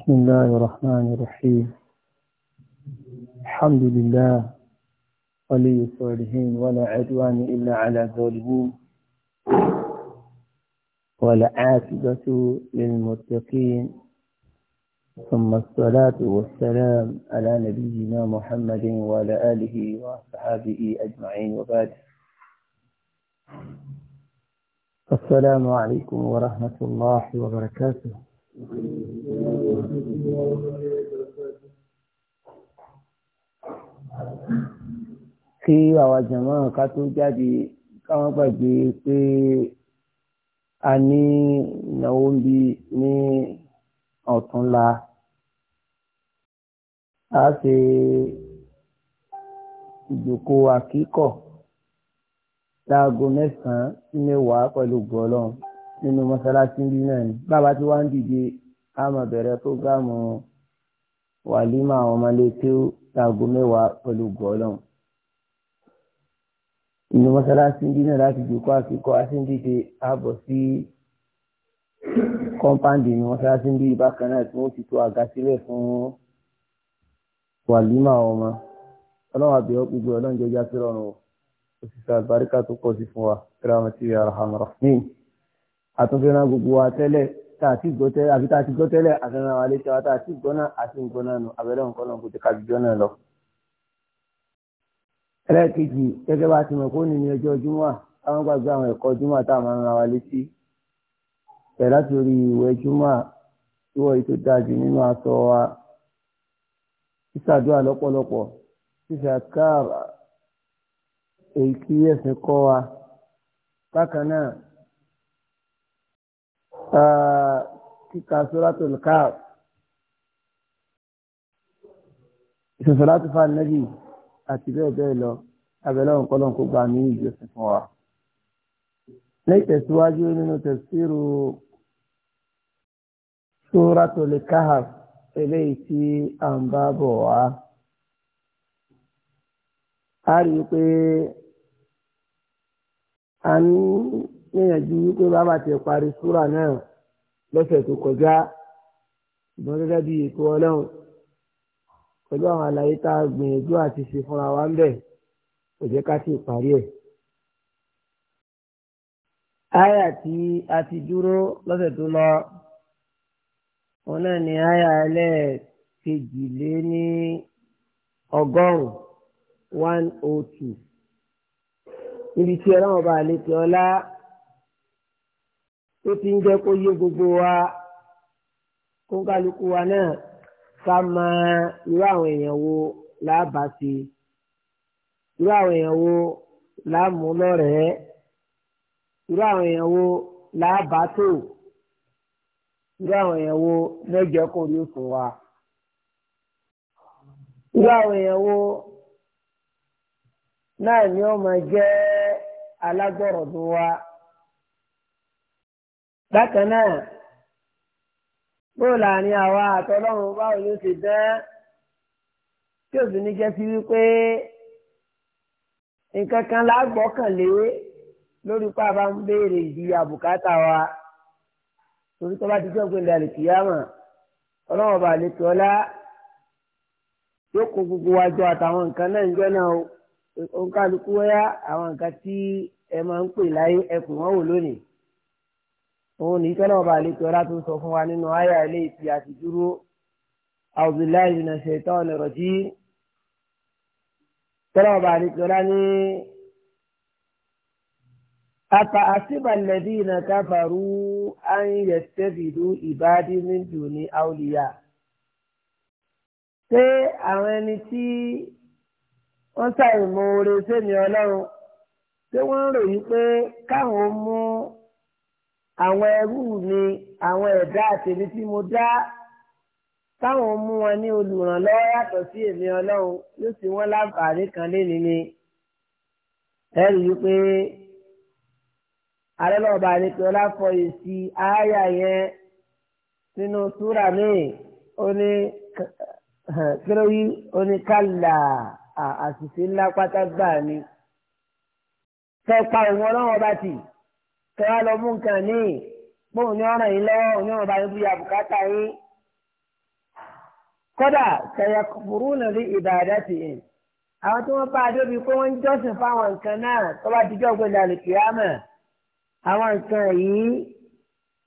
بسم الله الرحمن الرحيم الحمد لله ولي الصالحين ولا عدوان إلا على الظالمين عاقبة للمتقين ثم الصلاة والسلام على نبينا محمد وعلى آله وصحابه أجمعين وبعد السلام عليكم ورحمة الله وبركاته kí àwa jàmọ́ ká tó jáde káwọn gbàgbé pé a ní ìnáwó ń bí ní ọ̀túnla a ṣe ìjòkó àkíkọ̀ láago mẹ́sàn-án sí mẹ́wàá pẹ̀lú gbọ́lọ́n nínú mọ́sálásí bí náà ni bàbá tí wàá ń dìde ama máa bẹ̀rẹ̀ prógámù wàlímà àwọn ọmọlétí láago mẹ́wàá pẹ̀lú gọ́ọ̀lọ́n inú mọ́sálásí ndí náà láti jòkó àfikọ́ asíndíje ààbọ̀ sí kọ́ńpáǹdì inú mọ́sálásí ndí bákan náà tí wọ́n ti tó àga sílẹ̀ fún wàlímà àwọn ọmọ ọlọ́run àbẹ̀wò gbogbo ọlọ́run jọjá sí rọrùn ó tó pọ̀ sí fún wa kíra wọn ti rí rà ní àtúnfẹ́ràn gbogbo wa tẹ́lẹ̀ tààtì gbọ́tẹ́ àbí tààtì gbọ́tẹ́lẹ̀ àfẹ́ràn wa létí wa tààtì gbọ́nà àti gbọ́nà nù abẹ́rẹ́ nǹkan náà kò ti kájú jọ́nà lọ. ẹlẹ́ẹ̀kejì gẹ́gẹ́ bá ti mọ̀ kó ní ní ọjọ́ júmọ́ àwọn gbàgbé àwọn ẹ̀kọ́ júmọ́ tá a máa ń ran létí. bẹ̀rẹ̀ láti orí ìwẹ̀ júmọ́ ìwọ̀ yìí tó dáa jù nínú aṣọ wa sísàdúrà lọ́pọ̀lọpọ̀ fífi àkáàrà kíka sóràtò káà ìṣẹ̀ṣọ̀ láti fa nẹ́bì àti bẹ́ẹ̀ bẹ́ẹ̀ lọ abẹ́lẹ́ òǹkọ́lọ́ kó gbà ní ìjọsìn fún wa. ní ìtẹ̀síwájú nínú tẹ̀síru sóràtò káà eléyìí tí à ń bá bọ̀ wá. a rí pé a ní níyànjú wípé bàbá ti parí súrà náà lọ́sẹ̀ tó kọjá ìbọn gẹ́gẹ́ bí ètò ọlọ́run pẹ̀lú àwọn àlàyé tá a gbìyànjú àti ṣe fúnra wa ń bẹ̀ kò jẹ́ ká sì parí ẹ̀. Aya tí a ti dúró lọ́sẹ̀ tó lọ, òun náà ni aya ẹlẹ́ẹ̀kejìléní ọgọ́rùn-ún one oh two. Níbi tí ọlọ́run bá lè tẹ ọlá tó ti ń jẹ́ kó yé gbogbo wa kó kálukú wa náà ká mọ irú àwọn èèyàn wo láàbà sí irú àwọn èèyàn wo láàmú irú àwọn èèyàn wo láàbà irú àwọn èèyàn wo lẹ́jọ́kùnrin fún wa irú àwọn èèyàn wo náà ni ó máa jẹ́ alágbọ̀rọ̀dún wa bákan náà bó láàrin àwa àtọlọ́run báwo ló ṣe dán tí òbí ní jẹ́ sí wípé nǹkan kan lágbọ́kànlé lórí pa bá ń béèrè ìdí àbùkátà wa torí tó bá ti jẹ́ ògbéǹda lè kíyàmà ọlọ́run ọba àlejò ọlá yóò kó gbogbo wa jọ àtàwọn nǹkan náà ń jẹ́ náà o òǹkàlùkù wáyà àwọn nǹkan tí ẹ máa ń pè láyé ẹ pè wò lónìí òun ní tọ́lá ọba àlejò ọlá tó sọ fún wa nínú àyà ilé ìfi àti dúró àwùjọláì ìrìnà ṣètò ọ̀nà rọ̀jí tọ́lá ọba àlejò ọlá ní afa àṣìbà lẹ́bí káfàrú àyìnyẹ sẹ́fìdú ìbádí ní dùní ṣé àwọn ẹni tí wọ́n ṣàìmọ̀ oore sẹ́mi ọlọ́run ṣé wọ́n ń ròyìn pé káwọn mú àwọn ẹrú mi àwọn ẹ̀dá àtẹ̀mí tí mo dá táwọn mú wọn ní olùrànlọ́wọ́ yàtọ̀ sí èmi ọlọ́run yóò sì wọ́n láǹfààní kan léni ni ẹ̀rí wípé arẹ́lọ́ọ̀bá àdékọ́lá fọ èsì ááyà yẹn sínú súrà míì ó ní kílówí kálà àṣìṣe ńlá pátá gbà ni fẹ́ pa òun ọlọ́run ọba tì kẹ́wàá lọ mú nǹkan míì bóun ní ọ̀ràn yín lọ́wọ́ òun ní ọ̀ràn bá yín bóyá bùkátà yín. kódà kẹyà kúrú nàbí ìbàdà ti yìn àwọn tí wọ́n bá a débi pé wọ́n ń jọ́sìn fáwọn nǹkan náà tó bá dijọ́ gbẹ̀dẹ̀ àlùkìyàmọ̀ àwọn nǹkan yìí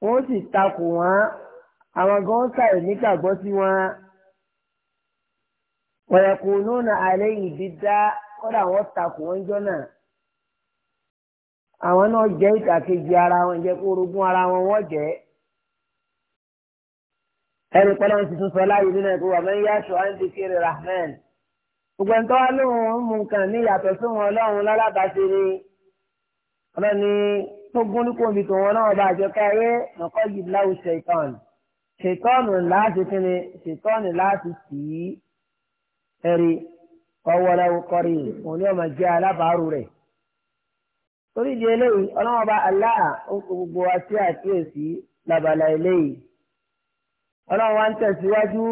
wọ́n sì takò wọ́n àwọn gan sàì nígbàgbọ́ sí wọn. wọ̀yẹ̀kùnú nà àlẹ́ yìí dídá kódà wọ́n takò wọ́n jọ náà àwọn náà jẹ́ ìdàkejì ara wọn jẹ́ kó orogún ara wọn wọ́n jẹ́ ẹni pẹ́lú ti tún sọ láàyè nínú ẹ̀kọ́ wà mẹ́rin yáṣọ àǹdíkiri rahman gbogbo ẹni tó wá lóhùn mú nǹkan ní ìyàtọ̀ sí wọn ọlọ́run lálábàáṣe ni ọlọ́ni tó gún ní kòmí tó wọn náà bá àjọ káyé nǹkan yìí láwù ṣètọ́n ṣètọ́nù láti kíni ṣètọ́nù láti tì í ẹ̀rí ọwọ́ lẹ́wọ́ kọrí òun ni ọmọ jẹ́ alábàárù rẹ̀ torí ìdí eléyìí ọlọ́run ọba aláà ó kó gbogbo wa sí àkíyèsí labala eléyìí ọlọ́run wa ń tẹ̀síwájú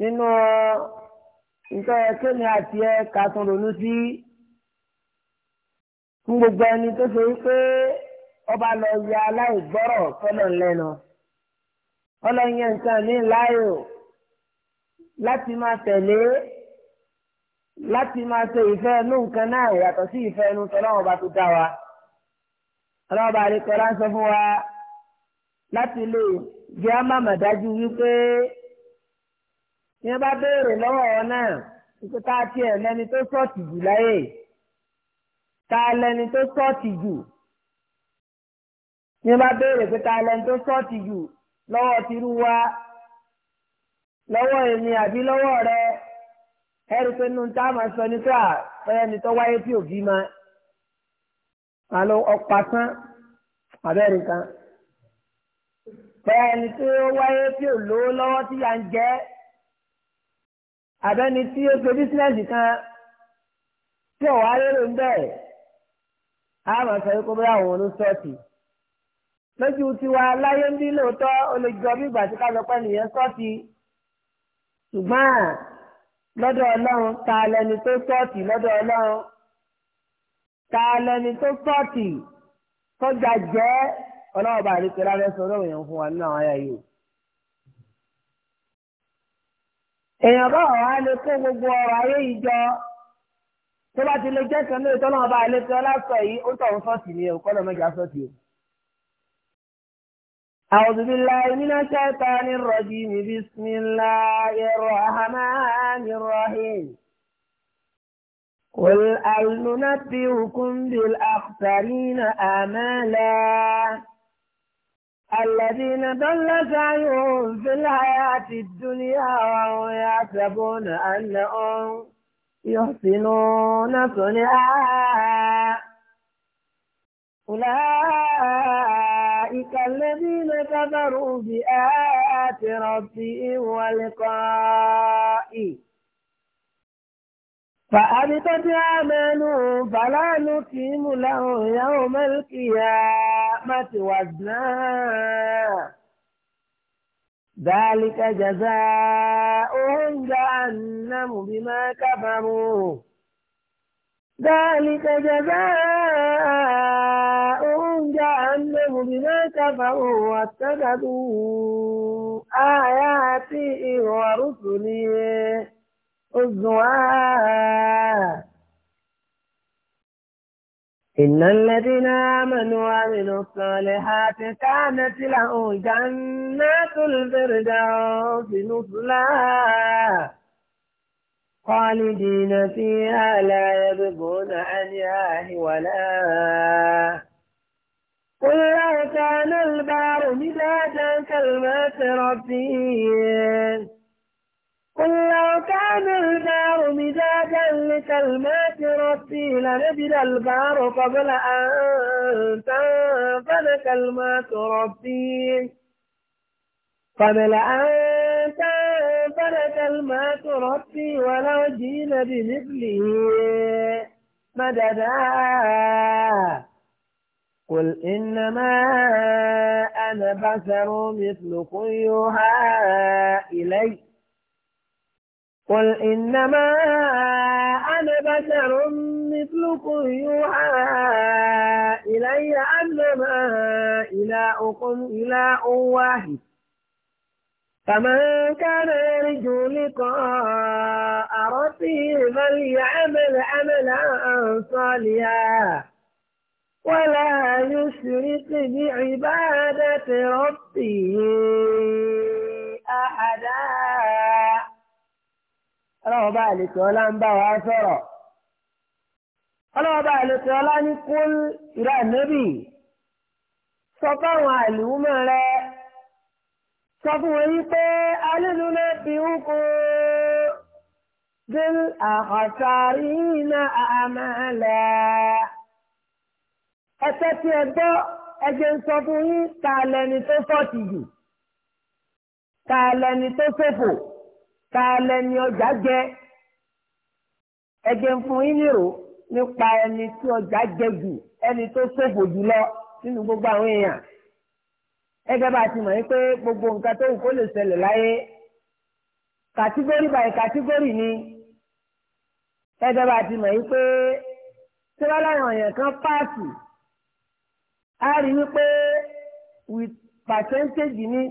nínú nǹkan kéènì àti ẹ ká tún ronú sí fún gbogbo ẹni tó ṣe pé ọba lọ ya aláìgbọ́rọ̀ fọlọ́ ńlẹ́nu ọlọ́run yẹn nǹkan ní láàyò láti máa tẹ̀lé láti máa ṣe ìfẹ́ inú nǹkan náà yàtọ̀ sí ìfẹ́ inú tọ́lọ́wọ́n bá tó dá wa. ọlọ́wọ́n bá rí kọ́lá ń sọ fún wa láti lè jẹ́ àmàmà dájú wípé ní wọ́n bá béèrè lọ́wọ́ ọ náà wípé ká tiẹ̀ lẹ́ni tó sọ̀tì jù láyè ká lẹ́ni tó sọ̀tì jù ní bá béèrè pé ká lẹ́ni tó sọ̀tì jù lọ́wọ́ tìrú wa lọ́wọ́ èmi àbí lọ́wọ́ rẹ̀ ẹrù pé nínú tá a máa sọ ní pé àpẹẹrẹ ni tó wáyé tí òbí máa àlọ ọ̀pá tán àbẹ́rẹ́ kan bẹ́ẹ̀ ni tí ó wáyé tí ò lówó lọ́wọ́ tí yà ń jẹ́ àbẹ́ni tí ó ṣe bísíǹnẹ̀sì kan tí ò wáyé ló ń bẹ̀rẹ̀ a máa sọ pé kó bá àwọn olóṣọ́ọ̀tì lójú tiwa láyé ń bí lóòótọ́ olùjọ́ bí ìgbà tí ká lọ pẹ́ nìyẹn sọ́ọ̀tì ṣùgbọ́n lọ́dọ̀ ọlọ́run ta lẹni tó sọ́ọ̀tì lọ́dọ̀ ọlọ́run ta lẹni tó sọ́ọ̀tì kọjá jẹ́ ọlọ́run bá àdékè lábẹ́ sọ ọlọ́run yẹn fún wa nínú àwọn ayé yìí. èèyàn bá wà á lè kó gbogbo ọrọ̀ ayé yìí jọ tó bá ti lè jẹ́ kan lóòótọ́ náà bá àlékè ọlá sọ yìí ó tọ̀ ń sọ́ọ̀tì ni ẹ̀ kọ́ lọ́mọdé á sọ́ọ̀tì o. أعوذ بالله من الشيطان الرجيم بسم الله الرحمن الرحيم قل هل ننبئكم بالأخسرين آمالا الذين ضل سعيهم في الحياة الدنيا وهم يحسبون أنهم يحسنون صنعا أولئك أولئك الذين كفروا بآيات ربهم ولقائه فأبطت أعمالهم فلا نقيم له يوم القيامة وزنا ذلك جزاؤهم جهنم بما كفروا ذلك جزاؤهم جهنم بما كفروا واتخذوا آياتي ورسلي هزوا إن الذين آمنوا وعملوا الصالحات كانت لهم جنات الفردوس نصلا خالدين فيها لا يبغون عنها ولا قل لو كان البار مداجا كلمات ربي قل لو كان البار مداجا لكلمات ربي لنبذ البار قبل أن تنفذ كلمات ربي قبل أن تنفذ كلمات ربي ولو جئنا بمثله مددا قل إنما أنا بشر مثلكم يوحى إلي قل إنما أنا بشر مثلكم يوحى إلي أنما إلهكم إله واحد فمن كان يرجو لقاء ربه فليعمل عملا صالحا ولا يشرك بعبادة ربه أحدا ọlọ́wọ́ bá àlèkè ọlá ń bá wa sọ̀rọ̀ ọlọ́wọ́ bá àlèkè ọlá ní kúl ìrà nẹ́bì sọ fáwọn àlùmọ́ rẹ sọ fún wọn yí pé alínú náà fi ń kú bíl àkọ́sárì náà àmàlẹ́ ẹ̀fẹ́ tí ẹ gbọ́ ẹgbẹ́ ń sọ fún yín ta lẹni tó fọ́ọ̀tì jù ta lẹni tó ṣòfò ta lẹni ọjà jẹ ẹgbẹ́ ń fún yín nírò nípa ẹni tí ọjà jẹ jù ẹni tó ṣòfò jù lọ nínú gbogbo àwọn èèyàn ẹgbẹ́ bá ti mọ̀ yín pé gbogbo nǹkan tó wù kó lè ṣẹlẹ̀ láyé kàtígórì báyìí kàtígórì ni ẹgbẹ́ bá ti mọ̀ yín pé tí wọ́n láwọn èèyàn kan páàsì a rí wípé with percentage ni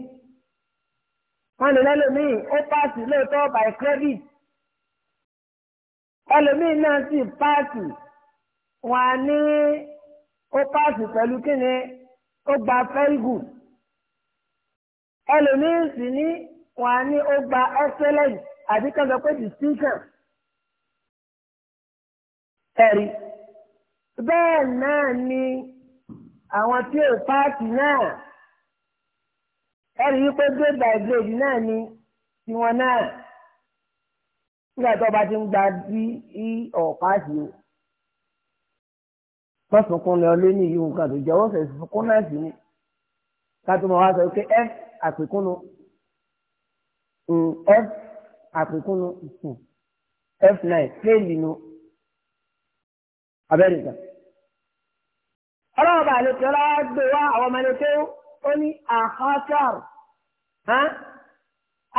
wọ́n lè lẹ́lòmíì ó pààsì lóòótọ́ by credit ẹlòmíì náà sì pààsì wọ́n á ní ó pààsì pẹ̀lú kíni ó gba very good ẹlòmíì sì ní wọ́n á ní ó gba excellent àbí kan sọ pé distinction ẹ̀rí bẹ́ẹ̀ náà ni àwọn tí ò páàkì náà ẹ̀rí wípé grade by grade náà ni tiwọn náà nígbà tó bá ti ń gba bí í ọ̀páàkì o fọ́sùnkún lọ lé ní ìyóhùn kan tó jẹ́wọ́ fẹ̀ sunkún náà sí ni ká tó wá sọ pé f àpèkúnnu f àpèkúnnu f nine fẹ́ẹ̀lì nu abẹ́rẹ́ ìgbà ọlọ́run bá àlejò ọlọ́wọ́ gbé wá àwọn ọmọ ẹni tó ó ní àhásàr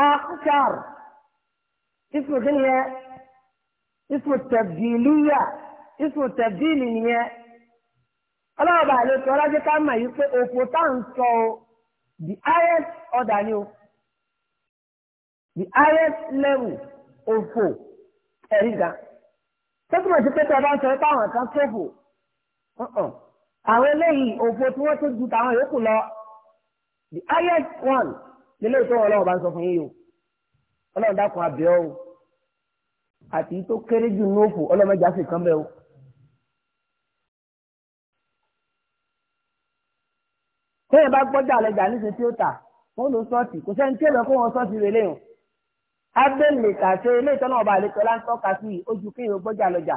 àhásàr ismu kí ni yẹ ismu tẹ̀bìlìyà ismu tẹ̀bìlì nìyẹn ọlọ́run bá àlejò ọlọ́jọ́ ká mọ̀ yìí pé òfò tá à ń sọ o the highest order ni o the highest level òfò ẹ̀rí ga. sọ́kùnrin ti pé tí ń sọ pé àwọn kan sófò àwọn eléyìí òfò tí wọ́n tó ju tàwọn yòókù lọ the highest one nílé ìtọ́ ọlọ́run bá ń sọ fún yín o ọlọ́run dákun abẹ́ o àti tó kéré jù ní òfò ọlọ́run ẹja sì kán bẹ́ẹ̀ o. téèyàn bá gbọ́dọ̀ àlẹ́jà níṣẹ́ tí ó tà wọ́n lò sọ́ọ̀tì kò sẹ́ni tí èèyàn kó wọn sọ́ọ̀tì rẹ̀ léyìn abẹ́lẹ̀ kàṣe ilé ìtọ́nà ọba àlekọ́lá ń tọ́ka sí ojú kéèyàn gbọ́dọ̀ àlẹ́jà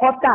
kọ́tà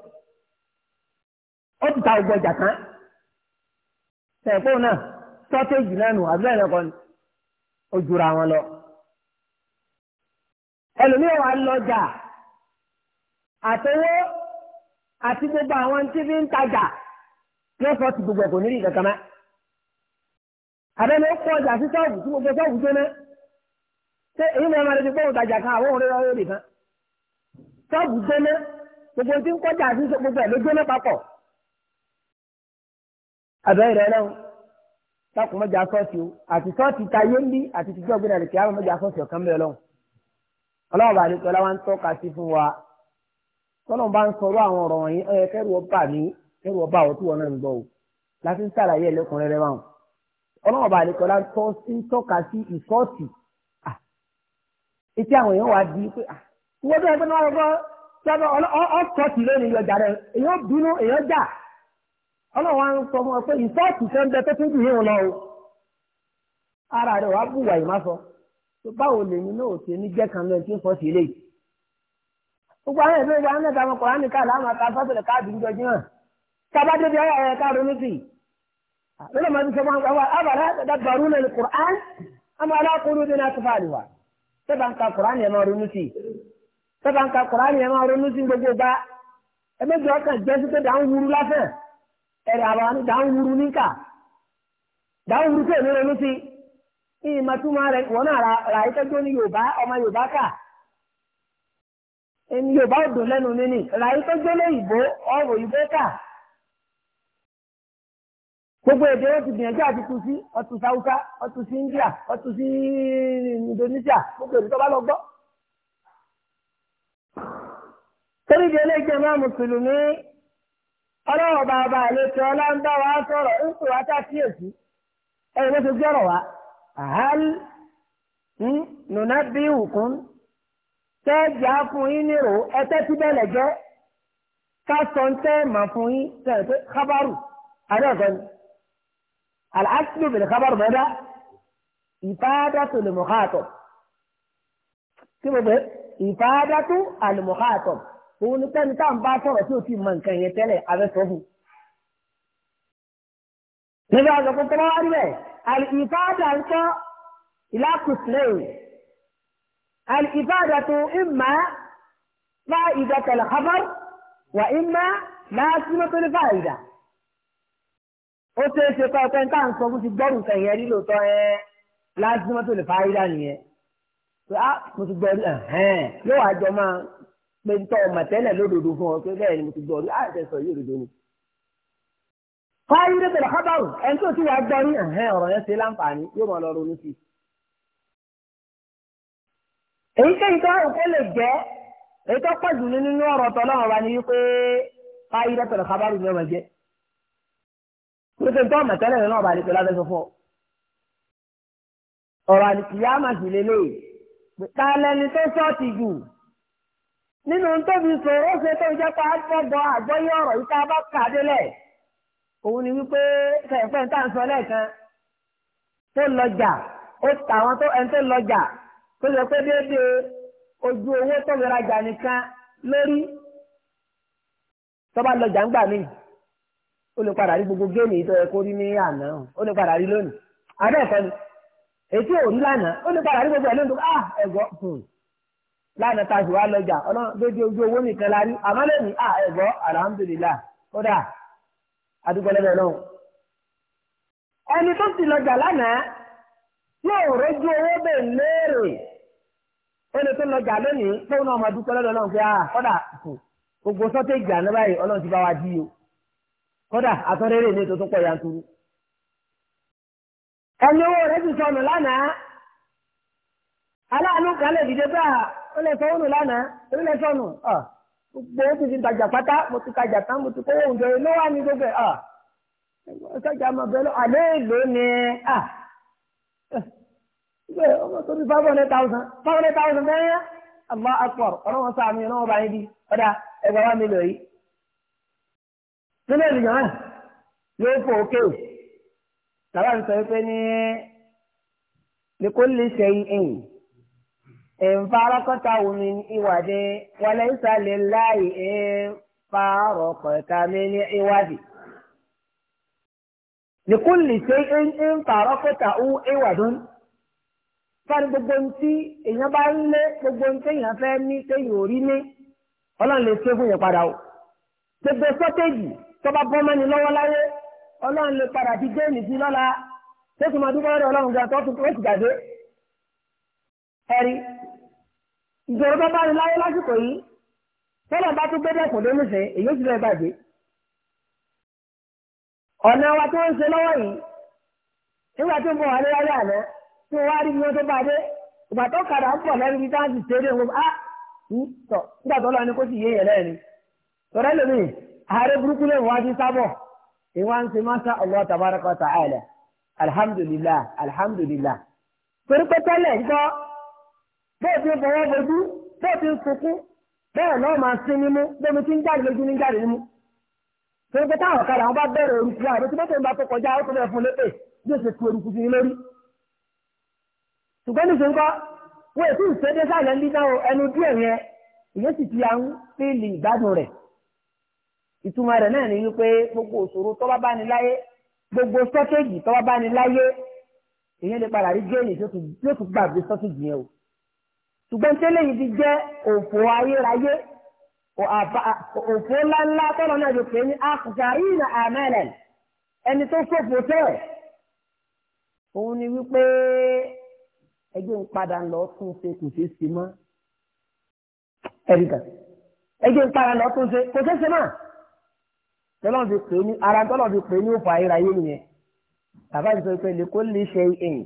ó ti ta ògbọ ìjà kan tẹ̀kọ́ náà sọ́tẹ́jì náà nù àbúrò ẹ̀rọ kan ó jura wọn lọ. ẹlòmíràn wà lọ́jà àtọwọ́ àti gbogbo àwọn tí fi ń tajà yóò fọ́ ti gbogbo ẹ̀kọ́ nílì kankan mẹ́. àbẹ́ni ó kọ́ ọjà sí sọ́ọ̀bù tí gbogbo sọ́ọ̀bù jóná ṣé èyí ni ọmọdé ti gbóhùn tajà kan àwọn òun rẹ̀ lọ́wọ́ rẹ̀ kan sọ́ọ̀bù jóná gbogbo tí ń kọjá sí gbogbo ẹ̀ ló jóná papọ̀ abẹ́rẹ́ náà sákùn mọ́jà sọ́ọ̀tì o àti sọ́ọ̀tì táyé ń bí àti tìjọ́ gbé nàìjíríà kí á mọ́jà sọ́ọ̀tì ọ̀kan bẹ́ẹ̀ lọ́hùn ọlọ́run bá nítorí wọn tọ́ka sí fún wa tọ́lọ́n bá ń sọ̀rọ̀ àwọn ọ̀rọ̀ wọ̀nyí ẹ kẹ́rù ọba mi kẹ́rù ọba àwọn tí wọn náà ń gbọ́ o láti ń sàlàyé ẹlẹ́kùnrẹ́rẹ́ wọn ọlọ́run bá nítorí wọn tọ́ sí tọ́ka sí ìsọ́ọ̀tì etí àwọn èèyàn wà di pé wọ́n tó ẹgbẹ́ náà lọ́kọ́ ọlọ́wọ́ ń sọ fún ọ pé ìfọ́ọ̀tì fẹ́ ń bẹ tó tún jù yín lọ o ara rẹ̀ wàá bùwà ìmá sọ tó báwo lèmi náà ti ní jẹ́ kan lẹ́yìn tí ń fọ́ sí ilé yìí gbogbo àwọn ìlú ìgbà mẹ́ta ọmọ kọ̀ọ̀rán nìkan láwọn ata sọ́sẹ̀lẹ̀ káàdì ìjọjú hàn sábà débi ọ̀yà ẹ̀yẹ káàdì ní sí i lọ́nà máa ti sọ fún àwọn abàrá dàgbàrú lẹ́nu kùrán àmọ́ alákòóró dín náà tó fà àlùwà sẹ́bà ń ka kùrán yẹn máa ronú sí i sẹ́bà ń ka kùrán yẹn máa ronú sí gbogbo bá ẹgbẹ́jọ́ kan jẹ́ sí pé ẹ̀rẹ̀ àwọn àánú dáhùrú níkà dáhùrú tó èmi ronú sí ní rẹ̀ wọ́n náà ra ìtẹ́jọ́ ní Yorùbá ọmọ Yorùbá kà ẹni Yorùbá ò lẹ́nu ra ìtẹ́jọ́ Igbo ọ̀rọ̀ òyìnbó kà gbogbo èdè wọn ti gbìyànjú àti tu sí ọtún sáwùsá ọtún sí India ọtún sí Indonesia gbogbo èdè tó bá lọ gbọ́. torí ìdí eléyìí jẹ́ ọlọ́wọ́ bàbá àlejò ọlọ́ńdá wa sọ̀rọ̀ ń pè wá sákìyèsí ẹ̀yin ló ti gbọ́rọ̀ wá àhálí nùnà bí òkun tẹ́ẹ̀jì á fún yín nírò ẹtẹ́ tí bẹ́ẹ̀ lẹ́jọ́ ká sọ ń tẹ́ mà fún yín tẹ́ẹ̀ pé kábàrù àdéhùn ni àlàásìlò bèrè kábàrù mẹ́ta ìfádàtò lè mọ̀ káàtọ̀ kí mo pè ìfádàtò àlè mọ̀ káàtọ̀ òun ni pẹ́ni tá à ń bá sọ̀rọ̀ tí ò ti mọ nǹkan yẹn tẹ́lẹ̀ abẹ́sọ̀ fún. nígbà tó kọ́ tọ́lá wárí bẹ́ẹ̀ àlìfáàdà ń kọ́ ìlàkùsùlẹ̀yìn àlìfáàdà tó ìmà bá ìdàtẹ̀lẹ̀ khabar wà ìmà láàtúmọ̀ tó ní fàáyìdà. ó ṣe é ṣe pé ọ̀pẹ́ tá sọ fún ti gbọ́rù nǹkan yẹn nílò tọ́ ẹ láàtúmọ̀ tó ní fàáyìdà nìyẹn. pé á ah, mo ti gbọ́ yóò wá jọ máa pé ń tọ́ ọmọ tẹ́lẹ̀ lódodo fún ọ pé bẹ́ẹ̀ ni mo ti gbọ́ ọ́ àìsàn sọ yóò dodo ni. fáyọ̀dé tẹ̀lé kábàrù ẹni tó ti wà gbọ́ ní ẹ̀hẹ́n ọ̀rọ̀ yẹn ṣe láǹfààní yóò máa lọ ronú sí i. èyíkéyìí tó hàn kó lè jẹ́ èyí tó pọ̀ jù nínú ọ̀rọ̀ tọ́ náà wà ní wípé fáyọ̀dé tẹ̀lé kábàrù ni ọmọ jẹ́. pé ń tọ́ ọmọ tẹ́lẹ̀ náà bá ní pẹ̀lú abẹ́sọ fún ọ. ọ̀rọ̀ nínú tóbi sọ̀rọ̀ ṣe tó jẹ́ pa gbọ́dọ̀ àgbọ́yé ọ̀rọ̀ yìí tá a bá kà délẹ̀ òun ni wípé fẹ̀fẹ́ tá à ń sọ lẹ́ẹ̀kan tó lọ́jà ó ta àwọn tó ẹni tó lọ́jà tó lè pé déédéé ojú owó tó lè rajà nìkan lórí tó bá lọ́jà ń gbà mí ó lè padà rí gbogbo géèmì tó yẹ kó rí ní àná ó lè padà rí lónìí àbẹ́ẹ̀kọ́ ni èyí tí lánàá ó lè padà rí gbogbo ẹ̀ lónìí ah ẹ̀gọ́ hmm. lánàá tá a sì lọ́jà ojú owó nìkan la rí àmọ́ à ẹ̀gbọ́ alhamdulillah kódà adúgbòlẹ́bẹ̀ náà. ẹni tó sì lọ́jà lánàá yóò rójú owó bẹ́ẹ̀ léèrè ẹni tó lọ́jà lónìí tóun náà máa dúpẹ́ lọ́dọ̀ náà pé kódà o kódà àtọ́rẹ́rẹ́ ní ètò tó pọ̀ yanturu. ẹni owó sọnù lánàá aláàánú ó lè sọ ònù lánàá èmi lè sọnù gbogbo ó ti fi tajà pátá mo ti tajà tán mo ti kówó oúnjẹ ló wà ní gbogbo ẹ ọsàjà máa bẹ lọ àlẹ́ èlò ni ṣe ọmọ tó ní five hundred thousand five hundred thousand bẹ́ẹ̀ àmọ́ akpọ̀ ọ̀rọ̀ wọn sáà mi ọ̀nà wọn bá yín bí ọ̀dà ẹgbẹ̀rún wa mi lò yìí nínú ènìyàn náà yóò fò ókè o tàbá mi sọ wípé ní lèkó lè ṣe yín ẹ̀yìn ìfarakọ́ta omi ìwàdí wọlé ìsàlẹ̀ láì ìfarọ́kọ̀ta mi ní ìwádìí. Nìkúlì ṣe ìfarọ́kọ̀ta ó ìwàdún. Fáni gbogbo ń tí èèyàn bá ń lé gbogbo ń téèyàn fẹ́ ní téèyàn ò rí ní ọlọ́run lè ṣe fún yẹn padà o. Gbogbo sọ́tẹ́jì tó bá lọ́wọ́ láyé ọlọ́run lè padà ti dé nìdí lọ́la. Tó sì máa dúpọ́ lọ́dọ̀ ọlọ́run gan tó ti gbàgbé. ìjọba bá bá ní láyé lásìkò yìí tọ́lọ̀ bá tún gbé dẹ́kun dé nífẹ̀ẹ́ èyí ti fẹ́ bàjẹ́. ọ̀nà wa tó ń ṣe lọ́wọ́ yìí nígbà tó ń bọ̀ wá ní láyé àná tí wọ́n wá rí iye tó bá dé ìgbà tó kàdà ń pọ̀ lẹ́nu bíi táǹsì tẹ́lẹ̀ ń ah tọ̀ nígbà tó lọ ni kó sì yé yẹn tabaraka bóò ti ń fọwọ́ bojú bóò ti ń sunkún bẹ́ẹ̀ náà máa sin ní mú bómi ti ń jáde lójú ní jáde ní mú. torí pé táwọn ọ̀kadà wọn bá bẹ̀rẹ̀ orúkú àbí tí mọ́tò ń bá tó kọjá ó tó bẹ̀rẹ̀ fún lépè bí ó ṣe ku orúkú sí lórí. ṣùgbọ́n níṣẹ́ ńkọ́ wọ́n èsì ìṣẹ́dé sàlẹ̀ ní náà ẹnu díẹ̀ yẹn ìyẹn sì ti à ń fíìlì ìgbádùn rẹ̀. ìtumọ̀ rẹ̀ náà ni wípé gbogbo òṣòro tọ́wá bá ní láyé gbogbo sọ́tẹ́jì tọ́wá bá ní láyé ìyẹn lè padà rí géèlì tó tún gbàgbé sọ́tẹ́jì yẹn o ṣùgbọ́n tẹ́lẹ̀ yìí ti jẹ́ òfò ayérayé òfò ńláńlá tọ́lọ̀ náà ti pè ní akùsàrínà àmẹ́lẹ̀ ẹni tó ṣòfò tẹ̀ òun ni wípé ẹgbẹ́ ń padà lọ tún ṣe kò ṣeé ṣe mọ́ ẹ̀ríkà ẹgbẹ́ ń padà lọ tún ṣe kò ṣeé ṣe mọ́ tọ́lọ̀ ti pè ní ara tọ́lọ̀ ti pè ní òfò ayérayé nìyẹn bàbá ìsọ̀rọ̀ pé lè kó lè ṣe ẹ̀yìn.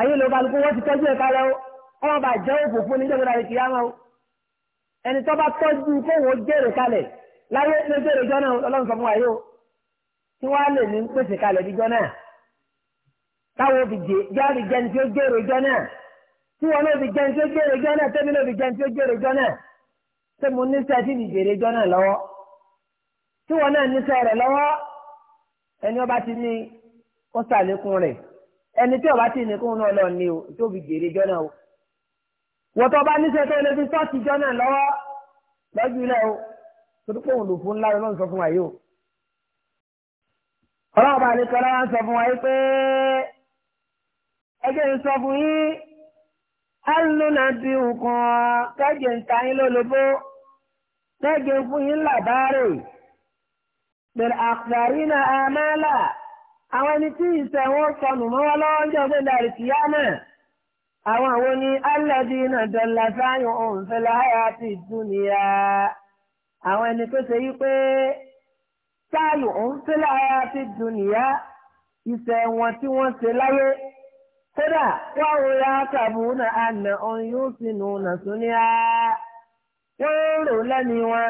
ayé ló balùkù wọ́n ti tọ́jú ẹ̀ka rẹ o ọmọ bá jẹ́ òfò fún níjọba rẹ kìí àmọ́ o ẹni tó bá tọ́jú kóhùn jèrè kalẹ̀ láyé ló jèrè jọ náà ọlọ́run sọ fún wa yìí o tí wọ́n á lè ní pèsè kalẹ̀ bí jọ náà táwọn òbí jáde jẹni tí ó jèrè jọ náà tí wọn náà fi jẹun tí ó jèrè jọ náà tẹ́mi náà fi jẹun tí ó jèrè jọ náà tẹ́ mo ní sẹ́ẹ̀ tí mi jọ náà lọ́wọ́ tí wọn náà ní sẹ́ẹ̀ lọ́wọ́ ẹni ọba ti ní ó sàlékún rẹ̀ ẹni tí ọba tí nìkún náà lọ ni o tó fi jèrè jọ náà o wọ́n tó bá níṣẹ́ tó lè fi sọ́ọ̀tì jọ náà lọ́wọ́ lọ́jú ilẹ̀ o torí pé òun lò fún ńlá ọlọ́run sọ fún wa yìí o ọlọ́run bá nìkan lọ́wọ́ ń sọ fún wa yìí pé ẹgbẹ́ ń sọ fún yín alùnà bí nǹkan kẹ́jẹ̀ ń ta yín lólobó kẹ́jẹ̀ fún yín làbárè pẹ̀lú àkàrí náà àmàlà àwọn ẹni tí ìṣẹ́ wọn sọnù mọ́ wọn lọ́wọ́ ń jẹ́ ọdún ìdarí tìyá náà àwọn àwọn ni alẹ́bí náà dọ̀là sáyọ̀ òun fẹ́lẹ́ àyà ti dúnìyà àwọn ẹni tó ṣe yí pé sáyọ̀ òun fẹ́lẹ́ àyà ti dúnìyà ìṣẹ́ wọn tí wọ́n ṣe láyé kódà wọ́n rò ya kàbù náà àná òun yóò sì nù nà súnìyà wọ́n rò lẹ́nu wọn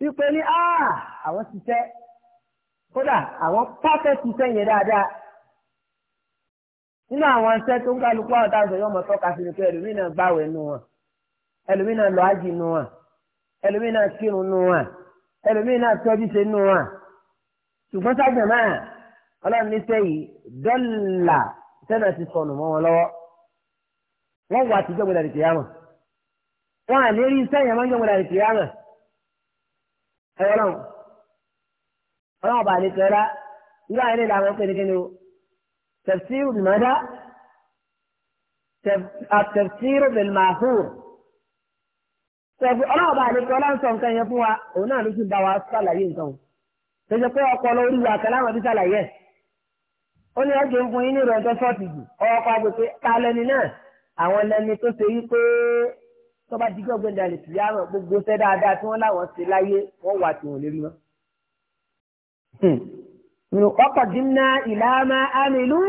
wípé ní ah, àwọn ti tẹ́ kódà àwọn pàfẹ́tì sẹ́yìn dáadáa nínú àwọn iṣẹ́ tó ń kálukú àwọn táwọn sọ̀rọ̀ ọmọ tọ́ka sí ni pé ẹlòmíì náà gbàwẹ̀ nù wọn ẹlòmíì náà lọ ájì nù wọn ẹlòmíì náà kírun nù wọn ẹlòmíì náà tọ́jú ṣe nù wọn ṣùgbọ́n sábẹ̀ náà ọlọ́run ní sẹ́yìn dọ́là sẹ́nà ti sọnù mọ́ wọn lọ́wọ́ wọ́n wà àtijọ́ gbọdọ̀ dìtì yàmọ̀ wọ́n à ní rí iṣẹ́ yẹn máa ń jọ gbọdọ̀ dìtì yàmọ̀ ẹ̀rọ náà ọlọ́wọ́ bá lè tẹ́lá nígbà yẹn lè la àwọn pèlékè ni o tafsiru mada tafsiru bil mahur ọlọ́wọ́ bá lè tẹ́lá ń sọ nǹkan yẹn fún wa òun náà ló sì bá wa sàlàyé nǹkan o tẹ̀sẹ̀ pé ọkọ̀ lọ orí wa kẹlẹ́ àwọn ti sàlàyé ẹ̀ ó ní ẹ̀jẹ̀ ń fún yín ní ìrọ̀jọ́ sọ́ọ̀tì jù ọkọ̀ àgbègbè ta lẹni náà àwọn lẹni tó ṣe wípé tọ́ba dígbọ́gbẹ́ndà lè tìyà gbogbo sẹ́ tí wọ́n láwọn ṣe láyé wọ́n wà tí wọ́n lè rí wọn ọkọ̀ dínà ìlàmà àmìlú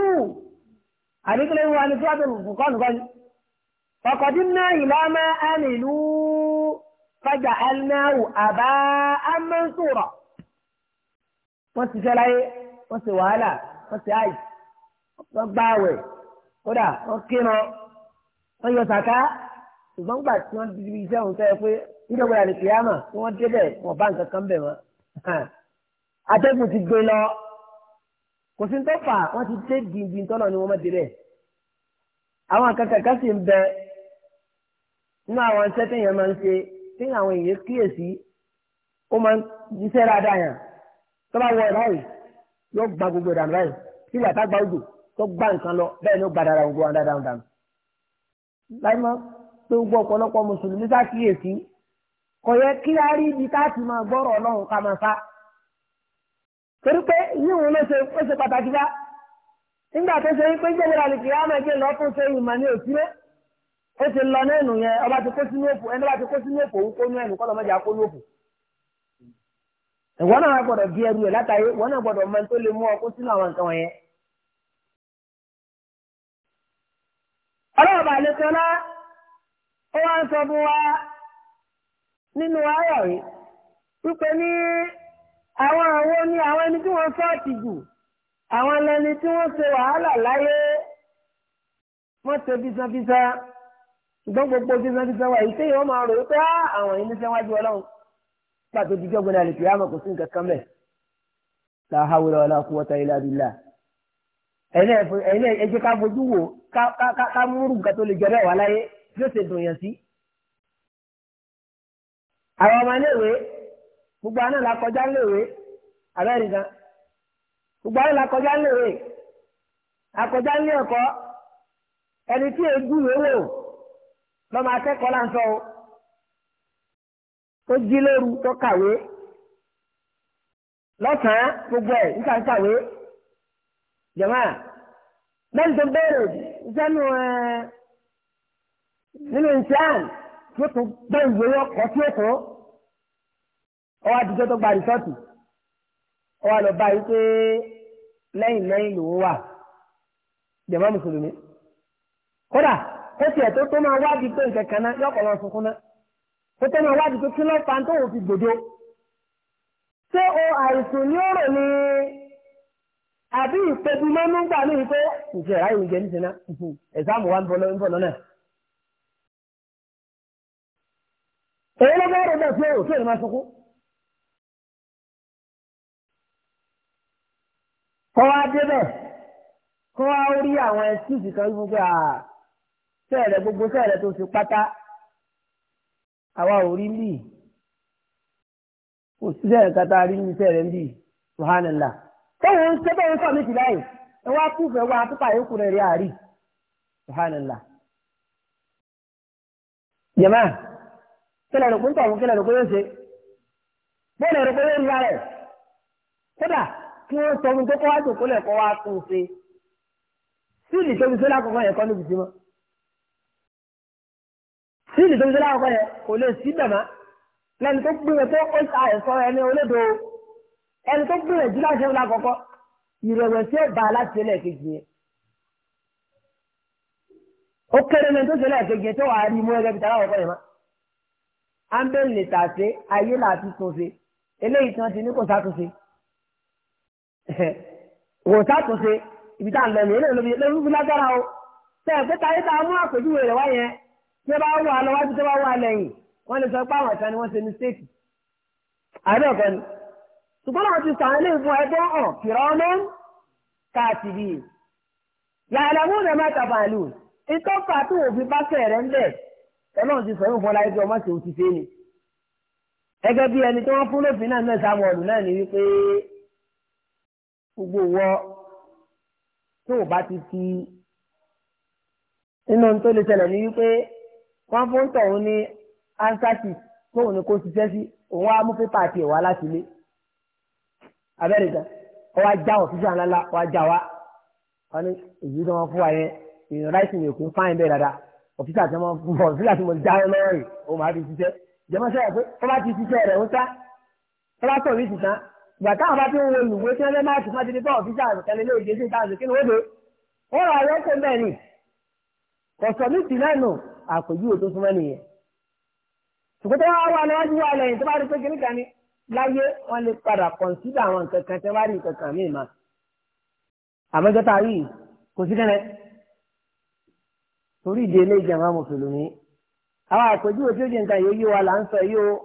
àdékùnlé wa ní tíwájú nǹkan nǹkan ọkọ̀ dínà ìlàmà àmìlú fàjà alnáwù àbá amẹ́sùrọ̀ wọ́n ti fẹ́ láyé wọ́n ti wàhálà wọ́n ti àì wọ́n gbáwẹ̀ kódà wọ́n kíran wọ́n yọ sàká ṣùgbọ́n gbà tí wọ́n di iṣẹ́ òun fẹ́ pé nígbà wọ́n yà ní kìyàmà wọ́n débẹ̀ wọ́n bá nǹkan kan bẹ̀ wọ́n atẹ́gùn ti gbé lọ kò sí tó fà wọ́n ti dé gbìngbì tọ́lọ̀ ni wọ́n má débẹ̀ àwọn akẹ́kẹ̀ẹ́ kan sì ń bẹ nínú àwọn iṣẹ́ téèyàn máa ń ṣe tí àwọn èèyàn kíyèsí ó máa ń iṣẹ́ dáadáa yàn tó bá wọ ìráyè yóò gba gbogbo ìdààmú ráyè tí ìyá tá gba odò tó gbá nǹkan lọ bẹ́ẹ̀ ni ó gba dáadáa gbogbo àwọn dáadáa ń dànù. láì mọ́ pé gbogbo ọ̀pọ̀lọpọ̀ mùsùlùmí sá kíyèsí kò yẹ ibi tá a ti máa gbọ́rọ̀ ọlọ́run ká máa sá torí pé yíwùn ló ṣe ó ṣe pàtàkì bá nígbà tó ṣe pé jẹ́nẹ́rà lè kìí àmọ́ ẹgbẹ́ lọ́kùn ṣe ìmọ̀ ní òsínlẹ̀ ó ti lọ ní ẹnu yẹn ọba ti kó sínú òfò ẹni bá ti kó sínú òfò òun kó ní ẹnu kọ́lọ́ mọ́jà kó ní òfò. ìwọ náà gbọ́dọ̀ bí ẹrú ẹ látàrí ìwọ náà gbọ́dọ̀ mọ tó lè mú ọ kó sínú àwọn nǹkan wọ̀nyẹn. ọlọ́run bá lè ó wá ń sọ fún wa nínú ayọ̀ yìí wípé ní àwọn àwọn ni àwọn ẹni tí wọ́n fọ́ọ̀tì jù àwọn lẹni tí wọ́n ṣe wàhálà láyé wọ́n ṣe fisafisa ṣùgbọ́n gbogbo fisafisa wa yìí téèyàn máa rò pé ah, àwọn yìí níṣẹ́ wájú ọlọ́run pàtó jíjọ́ gbọ́dọ̀ àlè kìí àmọ̀ kò sí nǹkan kan bẹ́ẹ̀ la hawla wala quwwata illa billah ẹ̀yin ẹ jẹ́ ká fojú wò ká múrù nǹkan tó lè jẹ́ bẹ́ẹ̀ wá láyé yóò ṣe dùn gbogbo àná la kọjá léwe abẹ́rẹ́ gan gbogbo àná la kọjá léwe akọjá lé ẹ̀kọ́ ẹni tí egu wéwò lọ́mọ akẹ́kọ̀ọ́ là ń sọ o tó jí lóru tó kàwé lọ́sàn-án gbogbo ẹ̀ níta ń kàwé jọ̀mọ́ lẹ́yìn tó bẹ̀rẹ̀ sẹ́nu ẹ̀ nínú ìṣẹ́ àn tó tún bẹ́ẹ̀ ìwé ọkọ̀ tí ó tó ọwọ́ àtijọ́ tó gba rìsọ́ọ̀tì ọwọ́ lọ bá yìí pé lẹ́yìn lẹ́yìn lòún wà jàmá mùsùlùmí kódà ó tiẹ̀ tó tó máa wádìí pé nǹkan kan náà yọkọ̀ máa sunkún náà ó tó máa wádìí pé kí ló fa tó wò fi gbòdo ṣé o àìsàn ní ọ̀rọ̀ ni àbí ìpèbí máa ń gbà ní ìpè ǹjẹ́ ráyè oúnjẹ ní sinna ẹ̀sáàmù wa ń bọ̀ lọ́nà. èyí ló fẹ́ rẹ̀ bẹ́ẹ̀ fún èrò fún èrò máa sunkún. kọ́ wá débẹ̀ kọ́ wá rí àwọn ẹ̀sìtì kan fún pé sẹ́ẹ̀rẹ̀ gbogbo sẹ́ẹ̀rẹ̀ tó ṣe pátá àwa ò rí bíi kò sí sẹ́ẹ̀rẹ̀ kata rí ní sẹ́ẹ̀rẹ̀ ń bíi wàhánilá. sẹ́wọ̀n ń sẹ́bẹ̀ ń sọ̀mí ti láyè ẹ wá kúfẹ̀ wá pípa yòókù rẹ̀ rí àárí wàhánilá. jẹ̀má kílẹ̀ rẹ̀ kílẹ̀ rẹ̀ yóò ṣe bọ́ọ̀lù rẹ̀ yóò rí ara rẹ̀ kódà kí wọ́n sọ fún kókó wá jòkó lẹ́kọ́ wá tún ṣe síìlì tóbi sí lákòókò yẹn kọ́ níbi sí mọ́ síìlì tóbi sí lákòókò yẹn kò lè sí dàmá lẹ́ni tó gbìyànjú tó ó sa ẹ̀sọ́ ẹni olódo ẹni tó gbìyànjú láti ẹ̀wọ̀n lákòókò ìrẹ̀wẹ̀sì ẹ̀ bá láti ẹlẹ́ kejì yẹn ó kéré ní tó ṣẹlẹ̀ kejì yẹn tó wàá rí mú ẹgbẹ́ bìtà lákòókò yẹn má ámbẹ́lì tàṣe ayé làá ti tún ṣe eléyìí tí wọ́n ti ní kò sá wò sátúnṣe ibi tá à ń lọ ní eléyìí lágbára o tẹ ẹ pé táyé mú àpèjúwe rẹ wáyẹn tí ó bá wà lọ tó bá wà lẹ́yìn wọn lè sọ pé àwọn ìta ni wọn ṣe mistake àbẹ ọkọ ni ṣùgbọ́n àwọn ti sàn ilé ìfún ẹgbẹ́ hàn kìrọ́nù káàtìbì yàrá-mú rẹ̀ má tàbàlù ìtọ́fà tó òfin bá fẹ̀ rẹ̀ ń bẹ̀ ẹlọ́run ti sọ̀rọ̀ gbogbo wọ tó o bá ti fi nínú tó lè ṣẹlẹ̀ ní wípé wọ́n fún tọ̀hún ní ansati tóun ní kó ṣiṣẹ́ sí òun á mú pépà àti ẹ̀wà láti ilé abẹ́rẹ́ gan ọwọ́ ajá ọ̀fíìsì àlálà ọwọ́ ajá wa wọn ní èyí tó wọn fún wa yẹn èèyàn ráìsì ní èkó fáìn bẹ́ẹ̀ dáadáa ọ̀fíìsì àti ọmọ ọ̀fíìsì àti ọmọ já lọ́rọ̀ yìí òun máa fi ṣiṣẹ́ jẹ́mọ́sẹ́ rẹ̀ pé tọ́lá ti ṣiṣẹ́ rẹ̀ ń sá tọ́lá tọ̀ ní ìsìn tán gbàtà àbá tí ń wo ìwé tí wọ́n lé máàkì máa ti ní bọ́ọ̀ fíjà àrùkẹ́lẹ́ lé ìgbésí ìtàzù kí ni ó dé ó rà yọ kó bẹ́ẹ̀ ni kọ̀sọ̀ ní ti lẹ́nu àpèjúwe tó súnmọ́ nìyẹn ṣùgbọ́n tó wá wà níwájú wa lẹ́yìn tó bá rí pé kí nìkan ni láyé wọ́n lè padà kọ̀ǹsídà àwọn nǹkan kan tí wọ́n bá rí nǹkan kan míì máa àmọ́jọ́ta yìí kò sí kẹ́nẹ́ torí ìdí eléjì àwọn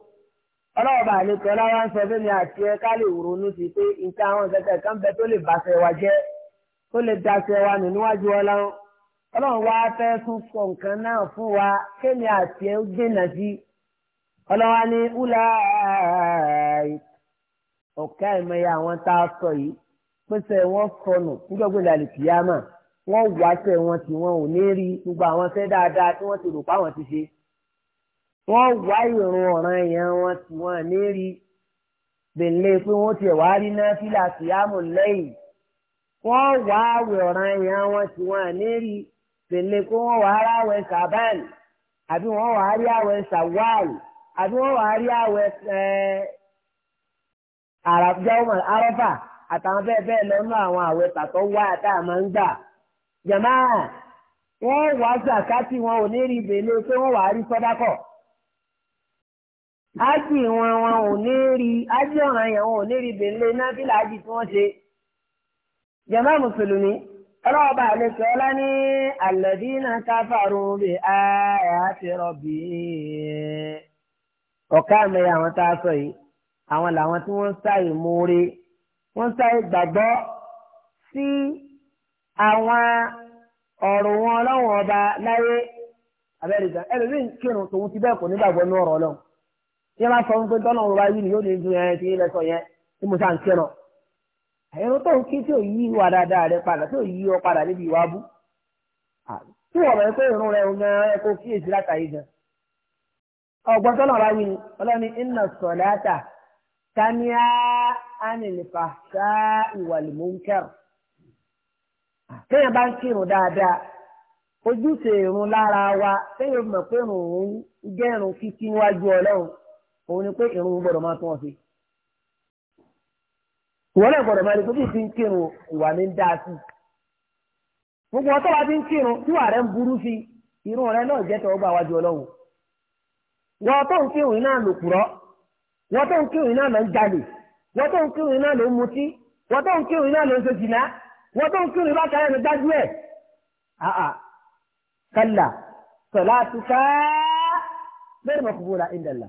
ọlọ́ọ̀bà àlekọ́ lára ń sọ fún mi àti ẹ ká lè ronú sí pé nǹkan àwọn ìṣẹ̀tẹ̀ kan bẹ tó lè bàṣẹ wa jẹ́ tó lè daṣẹ wa nù níwájú ọlọ́run ọlọ́run wá fẹ́ tún sọ nǹkan náà fún wa kémi àti ẹ gbìnà sí ọlọ́wà ní wúlà ọ̀kẹ́ àìmọye àwọn tá a sọ yìí pèsè wọn sọnù nígbàgbọ́ ìlànà kìyàmà wọn wáṣẹ wọn tí wọn ò ní rí gbogbo àwọn fẹ́ dáadáa tí wọ́n ti rò pa àwọn ti ṣe wọ́n wá ìrun ọ̀ràn yẹn wọn tí wọ́n ní rí bèlè pé wọ́n tiẹ̀ wá rí náà fílà síyámù lẹ́yìn wọ́n wá àwẹ̀ ọ̀ràn yẹn wọn tí wọ́n ní rí bèlè pé wọ́n wá ara àwẹ̀ sàbẹ́ẹ̀lì àbí wọ́n wá rí àwẹ̀ sàwáàlì àbí wọ́n wá rí àwẹ̀ àràbíjáwọ́mọ̀ arọ́fà àtàwọn bẹ́ẹ̀ bẹ́ẹ̀ lọ́nà àwọn àwẹ̀ tàtọ́ wá àtà máa ń gbà jàmáà wọ́n wá sàkátì wọn ò ní rí bèlè pé wọ́n wá rí sọ́dákọ̀ ájì wọn wọn ò ní rí ájì ọ̀ràn yẹn wọn ò ní rí bèlè náfìlà ájì tí wọ́n ṣe. jàmá mùsùlùmí ọlọ́ọ̀bà àlejò ọlá ní alladhina kafaru bi ayati rabbi. ọ̀ká mi àwọn tá a sọ yìí àwọn làwọn tí wọ́n ń sáyè mórí wọ́n ń sáyè gbàgbọ́ sí àwọn ọ̀rọ̀ wọn ọlọ́wọ́n ọba láyé abẹ́rẹ́ ìgbà ẹlòmíín kírun tòun ti bẹ́ẹ̀ kò nígbàgbọ́ ní ọ̀rọ̀ ọlọ́run. tí a bá sọ wípé tọ́lọ̀ ń wáyé ni yóò ní ju ẹ ti ń lẹ́sọ̀ yẹn tí mo sá ń tó ń kí tí ò yí ìwà padà tí ò yí ọ padà níbi ìwà abú tí wọ́n rẹ̀ pé ìrún rẹ̀ gan ẹ kó kíyèsí látàrí gan ọgbọ́n ni ọlọ́ni téèyàn bá ń kírun dáadáa òun ni pé ìrun gbọ́dọ̀ máa tún wọn sí. ìwọ́n náà gbọ́dọ̀ máa lè tóbi fi ń kírun ìwà ní ń dáa sí. gbogbo ọtọ́ bá ti ń kírun tí wàá rẹ̀ ń burú sí irun rẹ̀ náà jẹ́ tọ́wọ́ bá wájú ọlọ́run. wọ́n tó ń kírun iná lò kúrọ́ wọ́n tó ń kírun iná lọ ń jalè wọ́n tó ń kírun iná ló ń mutí wọ́n tó ń kírun iná ló ń ṣe jìnnà wọ́n tó ń kírun iná kan ẹni dájú ẹ̀. kálá sọ̀lá tuká bẹ́ẹ̀ mọ̀ kúkú la ìdàlá.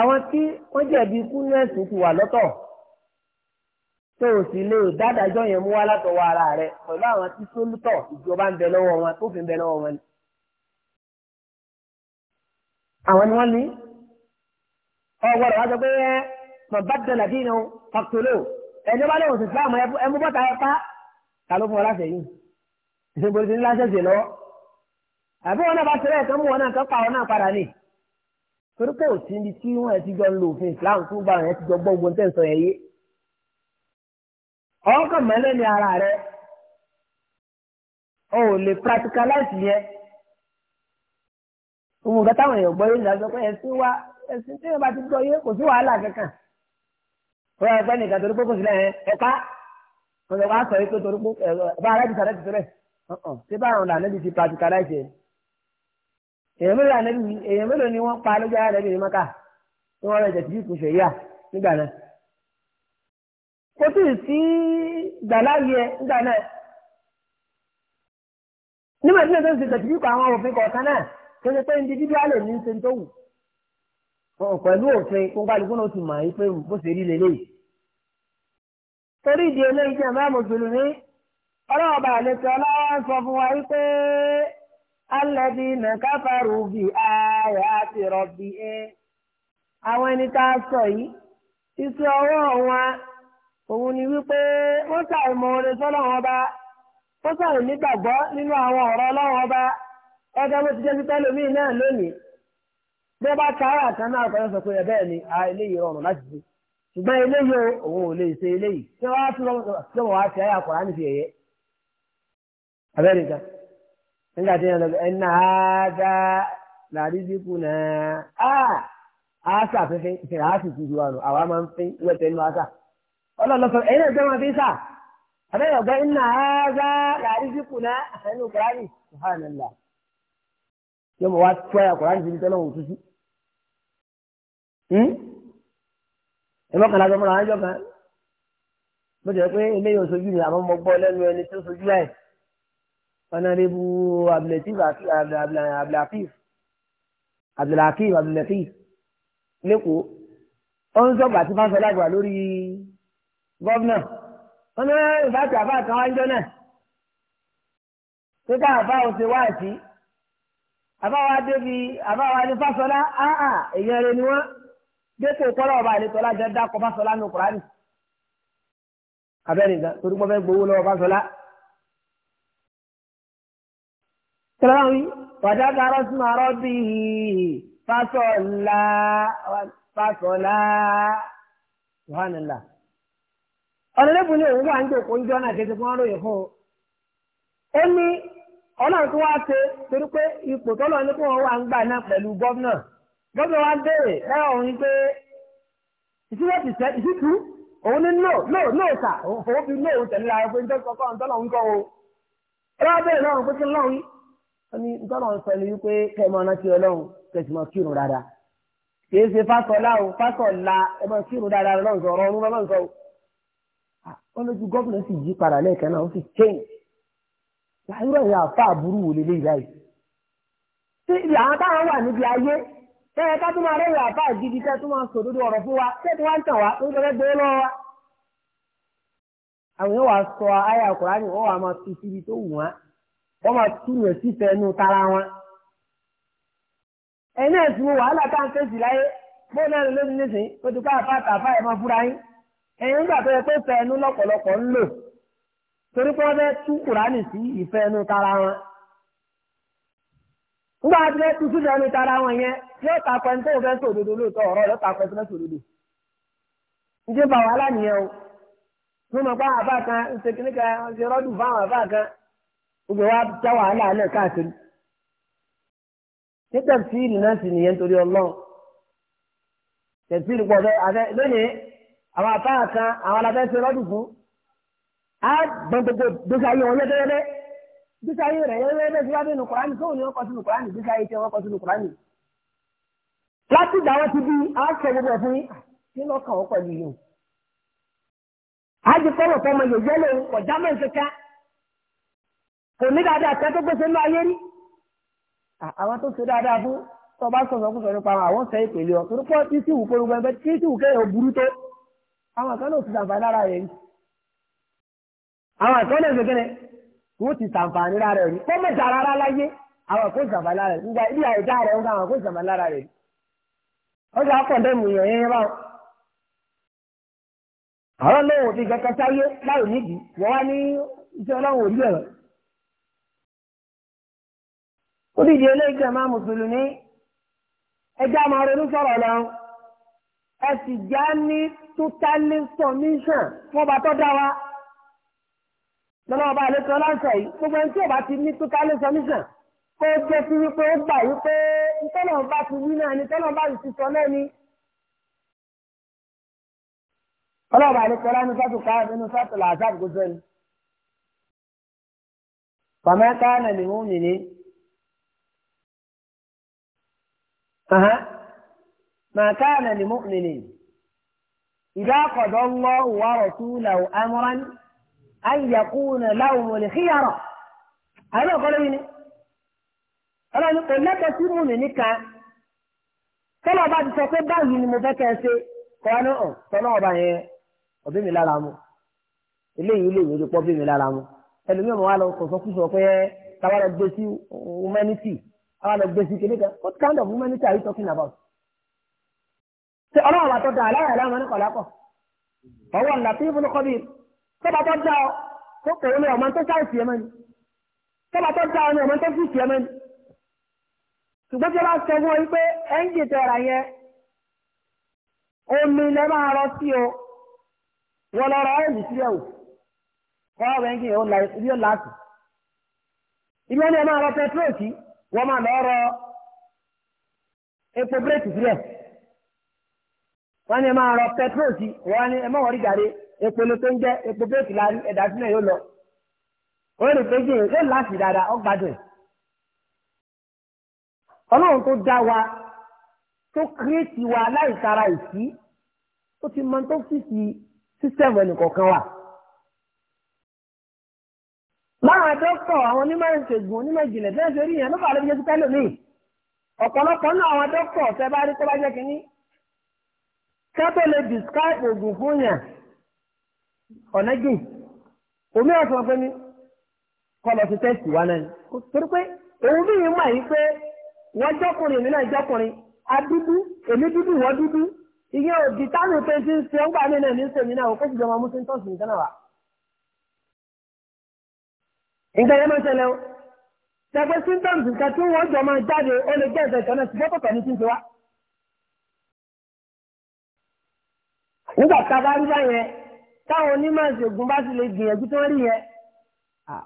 àwọn tí wọ́n jẹ̀bi ikú nẹ́ẹ̀sì ti wà lọ́tọ̀ tó o sì lè dádájọ́ yẹn mú wá látọwọ́ ara rẹ pẹ̀lú àwọn tí sólútọ̀ ìjọba ń bẹ lọ́wọ́ wọn tó fi ń bẹ lọ́wọ́ wọn. àwọn ni wọ́n ní ọgbọ́dọ̀ wájú pé ẹ mọ̀ bá dẹ̀ làbí inú fàkítọ́lò ẹni bá lóun sì fáwọn ẹmú bọ́ta ẹ pa ta ló fún ọ láṣẹ yìí ìṣègùn ti ní láṣẹ sí lọ àbí wọn náà bá tẹ̀lé ẹ̀kan mú wọn náà kọ́ pa ọ náà padà nìyí torí pé òtí ibi tí wọ́n ti jọ ń lo òfin Islam tó bá yẹn ti jọ gbọ́ ogun tẹ̀sán yẹn yé ọkàn mẹ́lẹ́ ni ara rẹ o ò lè practicalize yẹn òun nǹkan táwọn èèyàn gbọ́ yé ìdájọ́ pé ẹ̀sìn wa ẹ̀sìn tí wọ́n bá ti gbọ́ yé kò sí wàhálà kankan wọ́n yà pé nìkan torí pé kò sí lẹ́yìn ẹ̀pá wọ́n yà wá sọ yìí pé torí pé ẹ̀rọ bá arábìsà rẹ̀ ti fẹ́rẹ̀ ṣé báwọn làánà ti practicalize yẹn. èèyàn mélòó ni wọ́n pa lójú ara ànábì ní mọ́kà tí wọ́n rẹ̀ jẹ̀ tìjú ìkùnṣẹ̀ yíyà nígbà náà. kò tí ì sí gbàláyé nígbà náà. nígbà tí wọ́n ń ṣe kọ àwọn òfin kọ̀ọ̀kan náà tó pé ní ṣe tó wù. pẹ̀lú òfin náà ti mọ̀ ẹ́ pé bó ṣe rí torí ìdí eléyìí jẹ́ alẹ́dínà káfàrú bí ààrẹ àti rọ̀bì ẹ̀. àwọn ẹni tá a sọ yìí iṣẹ́ ọwọ́ wọn òun ni wípé wọ́n ṣàìmọ̀ orin sọ́nà wọn bá wọ́n ṣàì nígbàgbọ́ nínú àwọn ọ̀rọ̀ ọlọ́wọ́n bá ẹgbẹ́ bó ti jẹ́ títẹ́ lómi náà lónìí. bí wọ́n bá kára àtàn náà kọ́ sọ pé ẹ bẹ́ẹ̀ ni a eléyìí rọrùn láti ṣe ṣùgbọ́n eléyìí òun ò lè ṣe eléyìí tí wọ́n á tún lọ́wọ́ àti àyà kọ̀ọ̀rán nìfi ẹ̀yẹ. abẹ́rẹ́ nǹkan nígbà tí yẹn lọ bẹ ẹnà àádá làrídìkù náà a a fífín ìfẹ́ àṣì ti ju àrùn n'o máa ń fín wẹ́tẹ̀ nínú àṣà ọlọ́lọ́sọ ẹ̀yìn náà gbẹ́wọ̀n fi sà àbẹ́yẹ̀ ọ̀gá ẹnà àádá làrídìkù náà ẹnu kùránì subhanallah yóò mọ̀ wá tó ẹ̀yà kùránì síbi tọ́lọ́ wò tútù hmm? ẹ̀mọ́ kan lágbẹ́mọ́ra ọ̀nàdébù abdulatif abdulatif abdulatif abdulatif lẹ́kọ̀ọ́ ọ̀n sọ̀gbà tí wọ́n sọ lágbà lórí gọ́vnà wọn ní ìfàtí àfáà kan wájú náà pé ká àfáà ò ṣe wáàsí àfáà wá débi àfáà wá ní fásọlá áà èèyàn rẹ ni wọn dépò kọ́lọ́ ọba àlejòlá jẹ́ dákọ̀ fásọlá ní kùránì abẹ́rẹ́ nǹkan torí pọ́ fẹ́ gbowó lọ́wọ́ fásọlá. kíláwí wàjágàrọ́ sí máa rọ́bì fásọ̀lá fásọ̀lá wàhánilá. ọ̀nàdébù ni òun wà ń jòkó ń jọ́nà àti ẹ̀sìn fún ọ́n lóye fún ó ní ọlọ́run tó wá ṣe torí pé ipò tọ́lọ́ ní kí wọ́n wà ń gbà náà pẹ̀lú gọ́vnà gọ́vnà wa pé ìṣúná ti sẹ́ ìṣítú òun ní sà òun fi tẹ̀lé kọ́ o. ó ní tọ́lọ̀ ń sọ ni wípé kẹ́ ẹ máa ọlọ́run máa kírun dáadáa kì o fásọlá ẹ máa kírun dáadáa lọ́n sọ ọ̀rọ̀ lọ́n sọ o. sì yí padà lẹ́ẹ̀kan náà ó sì change. àfa àbúrú wò lélẹ́yìí báyìí. àwọn táwọn wà níbi ayé ká máa rẹ́rìn àfa àgídí wa wá àwọn yóò wá sọ ayé àkùrá ni wà máa fi wọ́n máa túnú sí fẹ́nu tara wọn. ẹ̀yin náà ti wàhálà tá fèsì láyé bóun náà ló ní nísìnyí ó ti ká àfáàtà àfá ẹ̀ máa fúra yín. ẹ̀yin nígbà tó yẹ pé fẹ́nu lọ́pọ̀lọpọ̀ ń lò torí pé wọ́n fẹ́ tú kùránì sí ìfẹ́nu tara wọn. nígbà tí wọ́n tú sífẹ́nu tara wọn yẹn yóò ta pẹ́ tó fẹ́ sòdodo lóòótọ́ ọ̀rọ̀ yóò ta pẹ́ tó fẹ́ sòdodo. ń gbogbo wa dá wàhálà alẹ́ káàkiri ní tẹ̀síìlì náà sì nìyẹn torí ọlọ́run tẹ̀síìlì pọ̀ fẹ́ afẹ́ lónìí àwọn afáà kan àwọn aláfẹ́ ṣe lọ́dún fún á gbọ́n gbogbo gbèsè ayé wọn yẹ́dẹ́yẹ́dẹ́ gbèsè ayé rẹ̀ yẹ́dẹ́yẹ́dẹ́ ti wá nínú kùránì tó ní wọ́n kọ́ sínú kùránì gbèsè ayé tí wọ́n kọ́ sínú kùránì. láti ìgbà wọn ti bí aṣọ gbogbo ẹ̀ fún yín ah, kí lọ́kàn wọn pẹ̀lú yìí. àjẹkọ́rọ̀ fọmọ yòóyẹ́ lòun kọjá kò ní dáadáa kan tó gbèsè lọ ayé rí àwọn tó ṣe dáadáa fún tó bá sọ̀rọ̀ kó sọ̀rọ̀ nípa àwọn àwọn sẹ́yìn pèlè ọ̀ torí pọ́ tí síwù pé gbogbo ẹgbẹ́ tí síwù kẹ́yìn ò burú tó àwọn kan náà ti sàǹfààní lára rẹ̀ rí àwọn kan náà gbẹgẹrẹ wọ́n ti sàǹfààní lára rẹ̀ rí kó mẹ́ta rárá láyé àwọn kó sàǹfààní lára rẹ̀ nígbà ibi àìdá rẹ̀ ń gbà àwọn kó sàǹfààní lára rẹ̀ rí ọjọ́ akọ̀ndẹ́mù yẹn yẹn báwọn àwọn náà ò fi kankan sáyé láì nídìí wọ́n wá ní iṣẹ́ ọlọ́run ò rí ẹ̀rọ ó dìde eléjọ máa mùsùlùmí ẹjá máa ronú sọ̀rọ̀ lọ ẹ sì já ní totally submission fún ọba tó dá wa lọ́nà ọba àlejò ọlọ́sẹ̀ yìí gbogbo ẹni tí ọba ti ní totally submission kó jẹ́ sí wípé ó gbà wípé ntọ́nà ọba ti wí náà ni tọ́nà ọba ti sọ náà ni. ọlọ́ọ̀bà àlejò ọlá ní sọ́tù ká nínú sọ́tù làásàbù gbogbo ẹni. kọ̀mẹ́ká nà ní mú ما كان لمؤمن إذا قضى الله ورسوله أمرا أن يكون لهم الخيرة هذا قال أنا نقول لك تؤمن كان tọ́lá bá ti sọ pé báyìí ni mo fẹ́ kẹ́ ẹ ṣe kọ́ ẹ náà tọ́lá ọba yẹn ọbí mi lára mu eléyìí ilé ìwé ló pọ̀ bí mi lára mu ẹlòmíràn wà lọ kọ̀ọ̀kan kú sọ pé táwa lọ gbé sí humanity àwọn ọ̀gbẹ́sì kìíní what kind of humanity are you talking about? ṣe ọlọ́run bá da aláwọ̀ aláwọ̀ ní kọ̀lákọ̀ ọwọ́ ńlá tí ìbùnú kọ́ bí tó ọ tó ni tó ọ ní ọmọ ṣùgbọ́n tí bá sọ fún ọ wípé yẹn omi o wọ́n rọ sílẹ̀ o kọ́ ibi ó ibi ó ní wọ́n máa lọ rọ epo bírèkì sílẹ̀ wọ́n ní ẹ máa rọ pẹtrol sí wọ́n ní ẹ má wọrí gàrí epo ló tó ń jẹ́ epo bírèkì la ẹ̀dá sílẹ̀ yóò lọ wọ́n lè pé jìn yóò láti dáadáa ó gbádùn ọlọ́run tó dá wa tó kírètì wa láì tara ìsí ó ti mọ tó fi sísẹ́mù ẹnìkọ̀ọ̀kan wa. àwọn dókítà àwọn onímọ̀ ìṣègùn onímọ̀ ìjìnlẹ̀ tí wọ́n ṣe rí yẹn ló fà lóbi jẹ́ títẹ́ lómi ọ̀pọ̀lọpọ̀ náà àwọn dókítà tẹ́ bá rí tó bá jẹ́ kínní kẹ́tọ́ lè describe oògùn fún yàn ọ̀nẹ́gìn omi ọ̀sán pé ní kọlọ̀ ti tẹ́sì wa náà torí pé òun bí yìí mọ̀ yìí pé wọ́n jọ́kùnrin èmi náà jọ́kùnrin adúdú èmi dúdú wọ́n dúdú ìyẹn òdì tánù pé ti ń ṣe ń gbà náà ní sèmi náà òkú nǹkan yẹn máa ṣẹlẹ̀ o ṣẹgbẹ́ symptoms nǹkan tí wọ́n jọ máa jáde ó lè jẹ́ ẹ̀sẹ̀ ìtọ́nà ṣùgbọ́n pọ̀pọ̀ ní kíkẹ́ wa. nígbà tá a bá rí báyẹn táwọn onímọ̀ ìṣègùn bá sì lè gbìyànjú tó ń rí yẹn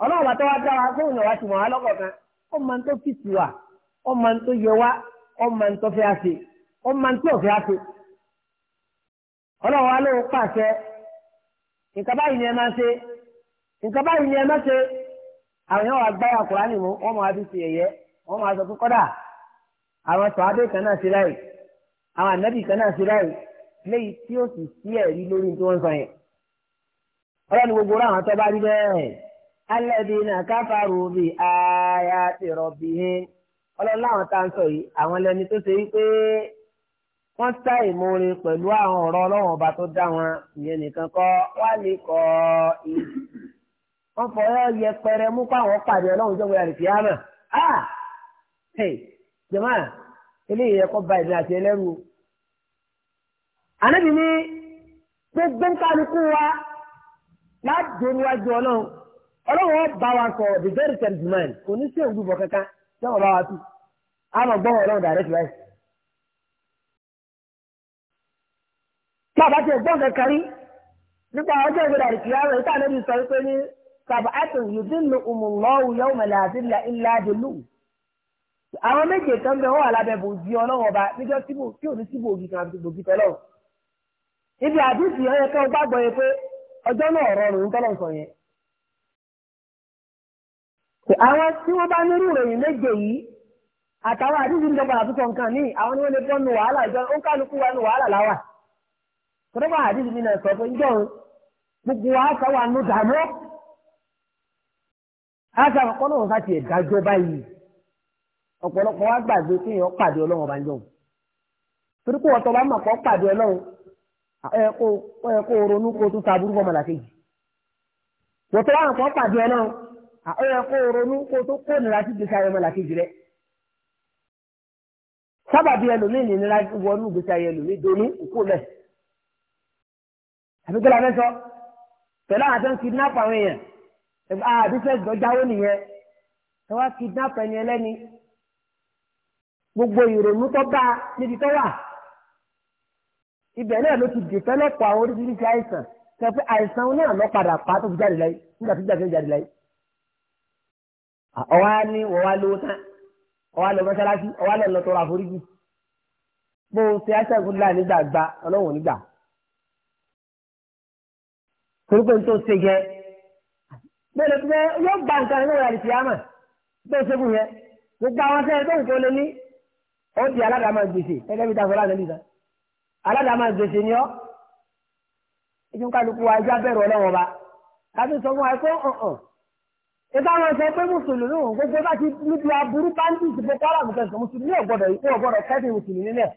ọlọ́run bá tó wá dá wa fóònù wa ti mọ̀ wá lọ́kọ̀ọ̀kan ó máa ń tó fìtì wa ó máa ń tó yẹ wa ó máa ń tó fẹ́ àṣe ó máa ń tó ọ̀fẹ́ àṣe ọlọ́run wa ló pàṣẹ nǹkan báyìí ni ẹ máa ṣe nǹkan báyìí ni ẹ máa ṣe àwọn èèyàn wà gbára kùránì mú wọ́n máa fi ṣe ẹ̀yẹ wọ́n máa sọ pé kọ́dà àwọn sọ̀hábẹ́ kan náà ṣe láì àwọn ànábì kan náà ṣe láì léyìí tí ó sì sí ẹ̀rí lórí tí wọ́n ń sọ yẹn. ọlọ́ni gbogbo rẹ̀ àwọn tó bá rí bẹ́ẹ̀ alladhina kafaru bi ayati rabbihim ọlọ́ni láwọn tá à ń sọ yìí àwọn lẹni tó ṣe wípé wọ́n sá ìmoore pẹ̀lú àwọn ọ̀rọ̀ ọlọ́wọ̀n ọba tó dá wọn ìyẹn nìkan kọ́ wálé kọ́ wọ́n fọyọ́ yẹpẹrẹ mú káwọn pàdé ọlọ́run jọ́ wíyà rìkì ámà á jọ̀mọ́ eléyìí yẹ kọ́ ba ìdí àti ẹlẹ́rú o. ànábì ní gbẹgbẹ́ nkánukú wa láti níwájú ọlọ́run ọlọ́run wọn bá wa sọ the very first man kò ní sí òǹgbù kankan tí bá wa tù á gbọ́ tí a bá ti gbọ́ kankan rí nípa ọjọ́ ìgbéra sàbàtàn yùdílù umùlọ́wù yóò mọ̀lẹ́ àdìlà ilá àdìlù. àwọn méje kan bẹ wọn wà lábẹ́ bòjì ọlọ́wọ́ ọba níjọ́ tí ò ní sí bòjì kan àti bòjì tọ́lọ̀. ibi àdìsí ọyẹ kan gbàgbọ́ yẹ pé ọjọ́ náà rọrùn tọ́lọ̀ sọ yẹn. àwọn tí wọ́n bá nírú ìròyìn méje yìí àtàwọn àdìsí ń dọ́gba àtúntò nǹkan ní àwọn ni wọ́n lè bọ́nu wàhálà ìjọ ó kálukú wa nu wàhálà láwà. kọ́dọ́gba àdìsí mi náà sọ pé ága ọ̀pọ̀lọ́ wọn sáti ẹ̀dájọ́ báyìí ọ̀pọ̀lọpọ̀ wa gbàgbé pé èèyàn pàdé ọlọ́run ọba jọ̀hún torí pé ọ̀tọ̀ bá mọ̀ kọ́ pàdé ọlọ́run ẹ̀ kó ronú kó tún taburú bọ́ mọ̀làkejì ọ̀tọ̀ bá mọ̀ kọ́ pàdé ọlọ́run ẹ̀ kó ronú kó tún kó nira sí gbèsè ayé mọ̀làkejì rẹ̀ sábàbí ẹlòmíì ní nira wọnú gbèsè ayé ẹlòmíì donú òkú lẹ̀ àbíkẹ́lá fẹ́ sọ pẹ̀lú àwọn àtẹ́ńkì náà pàwọn èèyàn ah business gan jáwó nìyẹn ẹ wá kidnap ẹni ẹlẹ́ni gbogbo ìrònú tó bá níbi tó wà ibẹ̀ náà ló ti dìtẹ́lọ́pọ̀ àwọn oríṣiríṣi àìsàn tẹ̀pẹ́ àìsàn náà lọ padà pa tó fi jáde láyé nígbà tó jáde jáde láyé. ọwá ní ọwá lówó tán ọwá lọ mọ́ṣáláṣí ọwá lọ lọ tọrọ àforíjì bó o ṣe àṣẹkùn láì nígbà gba ọlọ́run nígbà. torí tó ṣe yẹn bẹ́ẹ̀ lọ́tún bẹ́ẹ̀ yóò gba nǹkan nínú ìyàrá ìfìyàmà bẹ́ẹ̀ ṣẹ́gun yẹn gbogbo àwọn sẹ́yìn tó ń kó lé ní ó di aládàámà gbèsè gẹ́gẹ́ bí dáfọ́ láti nìkan aládàámà gbèsè ni ọ́ ìjú kálukú wa ẹja bẹ̀rù ọlọ́wọ́n ba káfí sọ fún wa pé ọ̀hún ìbá wọn sọ pé mùsùlùmí òun gbogbo bá ti níbi aburú báńkì ìsìnkú kọ́lá mùsùlùmí mùsùlùmí ọ̀gbọ́dọ̀ ìkú ọ̀gbọ́dọ̀ kẹ́sìn mùsùlùmí lẹ̀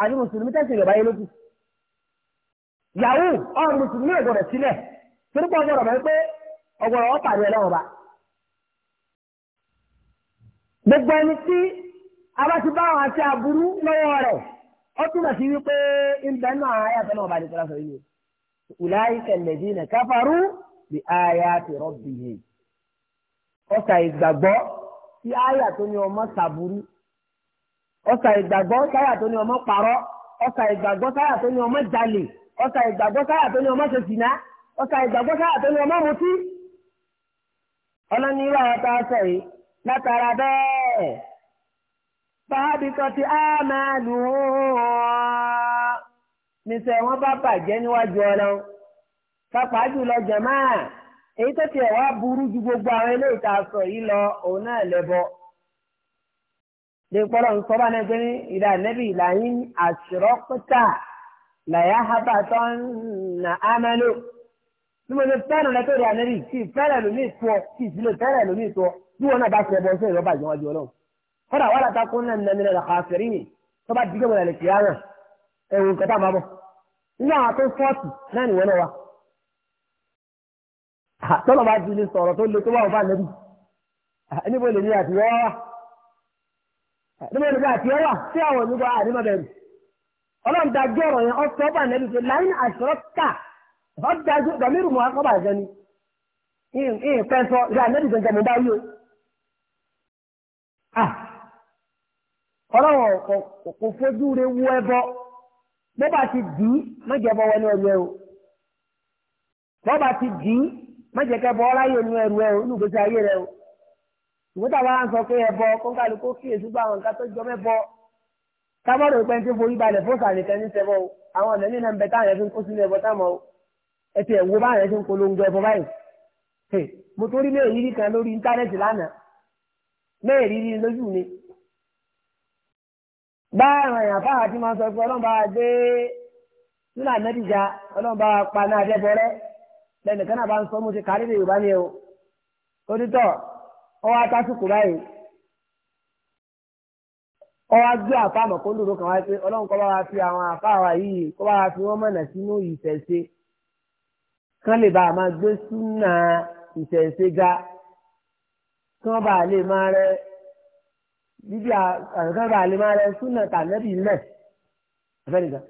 àti mùsùlùmí tẹ̀sìn ìrọ̀bá yẹn lókù yahoo ọ̀hún mùsùlùmí ọ̀gbọ́dọ̀ sílẹ̀ torípọ̀ ọ̀gbọ́dọ̀ mọ̀ pé ọgbọ̀rọ̀ wọn pàdé ọlọ́run ọba. gbogbo ẹni tí a bá ti bá àwọn àti aburú lọ́wọ́ rẹ̀ ó túmọ̀ sí wípé ìgbà náà ayàtọ̀ náà ọba àdìsọ́lá sọ yìí ulaika alladhina kafaru bi ayati rabbihim ọ̀sà ìgbàgbọ́ tí àyà tó ní ọmọ sàbúrú ọ̀sà ìgbàgbọ́ sáyà tó ní ọmọ parọ́ ọ̀sà ìgbàgbọ́ sáyà tó ní ọmọ jalè ọ̀sà ìgbàgbọ́ sáyà tó ní ọmọ ṣèṣìnà ọ̀sà ìgbàgbọ́ sáyà tó ní ọmọ mutí ọlọ́ni irú àwọn tá a sọ yìí látara bẹ́ẹ̀ báàbí kan ti á máa lù ú níṣẹ́ wọn bá bàjẹ́ níwájú ọlọ́run pápá jùlọ jẹ̀má èyí tó tiẹ̀ wá burú ju gbogbo àwọn eléyìí tá a sọ yìí lọ òun náà lẹ́bọ na gbẹni ìdá nẹbi ìlànà làyà na amẹ́lò. bí mo ṣe fẹ́ràn lẹ́tọ́ rẹ̀ ànẹ́rì kí fẹ́rẹ̀ lómi ìtọ́ kí ìdílé fẹ́rẹ̀ lómi ìtọ́ bí wọn náà bá ṣe ẹbọ ṣe ìrọ́bà ìjọba jù ọlọ́run kọ́dà wàhálà ta kún náà nínú ẹ̀rọ kàfẹ́rì ni tó bá dìgbò wọn lè fi ara ẹ̀wù kẹta máa bọ̀ nínú àwọn tó fọ́ọ̀tì náà nìwọ́n náà wa. tọ́lọ̀ bá ti lè sọ̀rọ̀ tó le tó wà ọba nẹ́bí níbo ọ̀dájú dàmírù mu akọ́bà ẹ̀jẹ̀ ni ìyìn fẹ́ sọ ìyá àmẹ́rì gbẹ̀ngàn mi bá yí o. ọlọ́wọ̀n kò fojú rẹ wú ẹbọ bó bá ti dì í mẹ́jẹ̀ bọ́ wọlé ẹ̀rú ẹ o bó bá ti dì í mẹ́jẹ̀ kẹ́ bọ́ ọláyé nu ẹ̀rú ẹ o ní ìgbésí ayé rẹ o ìwé tàwa ń sọ pé ẹbọ kọ́ńkàlù kó kíyèsí bá àwọn nǹkan tó jọ mẹ́bọ kábọ́dọ̀ ìpẹ́ntì forí balẹ̀ fún sàlẹ̀ ẹ ti ẹ̀ wo báyìí ẹ ti ń polongo ẹ̀ fọ báyìí mo torí mẹ́rìírí kan lórí íńtánẹ́ẹ̀tì lánàá mẹ́rìírí lójú mi báyìí àyàn fáwọn àti máa sọ pé ọlọ́run bá wa dé nínú àmẹ́tìjà ọlọ́run bá wa pa náà dẹ́bọrẹ́ lẹ́nìkan náà bá ń sọ mo ti kárí lè yorùbá ni o onítọ̀ ọwọ́ atásùkù báyìí ọwọ́ gbé àfa àmọ̀kó lòdò kan wáyé pé ọlọ́run kọ́ bá wa fi àwọn àfa àwa yìí kọ́ bá wa fi wọ́n mọ̀nà sínú ìfẹ̀ṣe kán lè bá a máa gbé súnà ìṣẹ̀ṣe ga kí wọ́n bá a lè máa rẹ bíbí àkàkọ́ bá a lè máa rẹ súnà tànẹ́bì lẹ̀ àfẹ́nìkan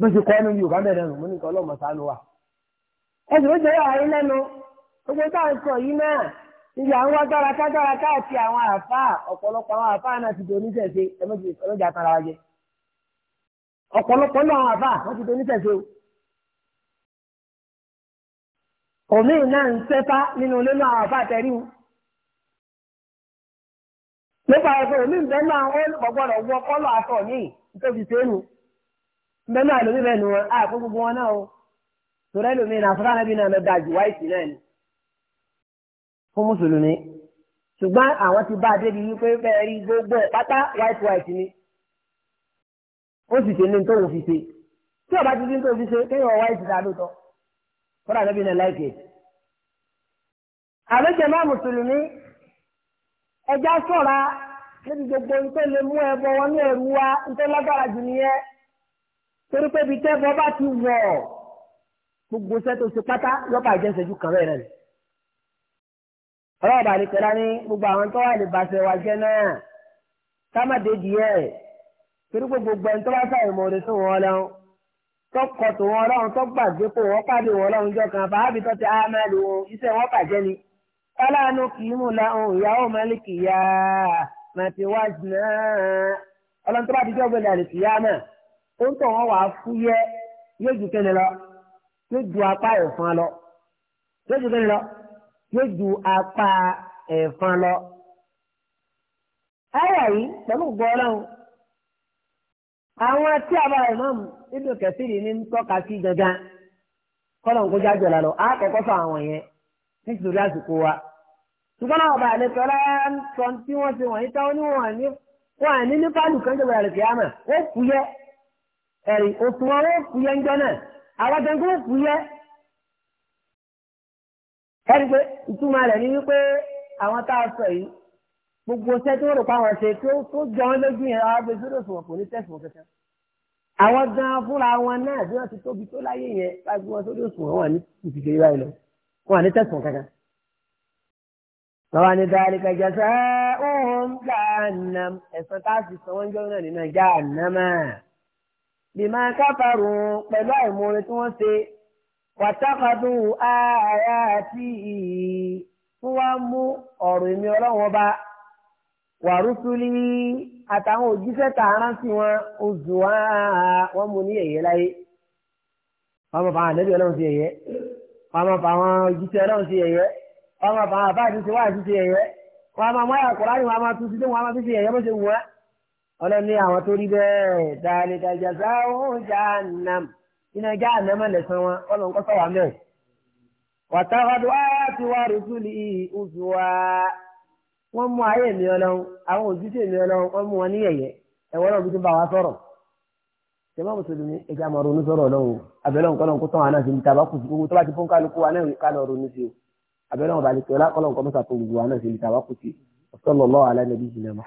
bó ṣe kọ́ ọ́nù yorùbá mẹ́rin nù mú nìkan ọlọ́mọ sánú wa. ẹsùn oúnjẹ yóò ayé lẹ́nu oúnjẹ tá à ń sọ yìí náà níbi àwọn wá gbáraka gbáraka àti àwọn àáfàá ọ̀pọ̀lọpọ̀ àwọn àáfàá náà ti di oníṣẹ̀ṣe ẹ̀mẹ́jì ọlọ́jà tara wa jẹ ọ̀pọ̀lọpọ̀ náà àwọn àáfàá wọ́n ti di oníṣẹ̀ṣe o. omi náà ń sẹ́fá nínú ilé náà àwọn àfàtẹ́rí wọn. nípa ẹ̀fọ́ omi ìbẹ́ náà ó gbọ́gbọ́dọ̀ wọ kọ́lọ̀ aṣọ mi nítorí sẹ́nu ìbẹ́ náà lómi bẹ́ẹ̀ ni wọn á kó gbogbo wọn náà o tòrẹ́ lómi náà fúnra náà bí náà lọ dájú wáìtì náà ni fún mùsùlùmí ṣùgbọ́n àwọn ti bá a débi wípé bẹ́ẹ̀ rí gbogbo ẹ̀ pátá white white ni ó sì ṣe ní tóun fi ṣe tí ọba ti ní tóun fi kọ́ra ànábì náà láìpẹ́. àlejò máa mùsùlùmí ẹja sọ̀ra níbi gbogbo nítorí lè mú ẹbọ wọn ní ẹrú wa nítorí lágbára jù nìyẹn torí pé ibi tẹ́bọ bá ti wọ̀ gbogbo iṣẹ́ tó ṣe pátá lọ́pàá ìjẹ́sẹ̀jú kan bẹ́ẹ̀ náà ọlọ́ọ̀bà àdìpẹ̀lá ní gbogbo àwọn tó wà lè bàṣẹ wa jẹ́ náà ká má dé díẹ̀ torí pé gbogbo ẹni tó bá sáyẹn mọ̀ ọ́ tó kọ̀tù wọn ọlọ́run tó gbàgbé kó wọ́n pàdé wọn ọlọ́run jọ kan fàábì tó ti ámẹ́lì wọn iṣẹ́ wọn bàjẹ́ ni. fọláàánú kì í mú la ohun ìyàwó mẹ́lìkì yá màtí wá jìnnà ọlọ́run tó bá ti jọ́gbẹ́ ní àlèkì yá náà ó ń tọ̀ wọ́n wàá fúyẹ́ yóò ju kẹ́ni lọ yóò ju apá ẹ̀fọn lọ yóò ju kẹ́ni lọ yóò ju apá ẹ̀fọn lọ. ayọ̀ yìí pẹ̀lú gbọ́ ọlọ́run àwọn tí a bá rẹ̀ náà mú ibùdó kẹsìrì ní tọ́ka sí gangan kọ́lọ̀ ń kójá jọ̀lá lọ àkọ́kọ́ fún àwọn yẹn nítorí àsìkò wa. ṣùgbọ́n àwọn ọba àlejò ọlá ń sọ tí wọ́n ti wọ̀nyí táwọn oníwọ̀n ní wọn àní ní pálù kan jọba àlejò yàmà ó kú yẹ ẹ̀rì òfin wọn ó kú yẹ ńjọ náà àwọn gangan ó kú yẹ. ẹni pé ìtumọ̀ rẹ̀ ni wípé àwọn tá a sọ yìí gbogbo ṣẹ́ tí wọ́n rò pa àwọn ṣe tó jọ wọn lójú yẹn àwọn agbésúrò sùn kò ní tẹ̀sùn kẹkẹ́ àwọn gan fúnra wọn náà bí wọ́n ti tóbi tó láyé yẹn láti wọn sórí òṣùwọ̀n wọn ní ìfìdí báyìí lọ wọn ní tẹ̀sán kankan. Bàbá ni dhalika jazaa'uhum jahannam ẹ̀sán tá a sì san wọ́n jọ́ náà nínú jahannama. Bima kafaru pẹ̀lú àìmọ̀re tí wọ́n ṣe wàtàkàdù ayati fún wa mú ọ̀rọ̀ ìmí ọlọ́wọ́n bá wàrúsùlì àtàwọn òjíṣẹ́ tá rántí wọn oṣù wa mú ní ẹ̀yẹ láyé wọ́n mọ̀ ọlọ́run sí ẹ̀yẹ wọ́n òjíṣẹ́ ọlọ́run sí ẹ̀yẹ wọ́n mọ̀ fà àwọn àbá àti tiwa àti ti ẹ̀yẹ wọ́n mọ̀ wọ́n àkọ́rá ni wọ́n mọ̀ tún títí wọ́n mọ̀ tún ẹ̀yẹ bó ṣe wù wọ́n. ọlọ́run àwọn tó rí bẹ́ẹ̀ dáadáa dájà sáwọn jahannam iná jahannam lẹ̀sán wọ́n mú ayé mi ọlọ́run àwọn òjíṣẹ́ mi ọlọ́run wọ́n mú wọn ní yẹ̀yẹ́ ẹ̀wọ́n náà tuntun bá wa sọ̀rọ̀ ṣẹ̀mọ́ mùsùlùmí ẹja máa ronú sọ̀rọ̀ ọlọ́run abẹ́lẹ́ nǹkan náà kó tán àná sí ní tàbá kùsù gbogbo tó bá ti fún kálukú wa náà ká ronú sí o abẹ́lẹ́ wọn bá lè tọ́lá kọ́lọ́ nǹkan mọ́sà gbogbo wa náà sí ní tàbá kùsù sallallahu ala nabiyyina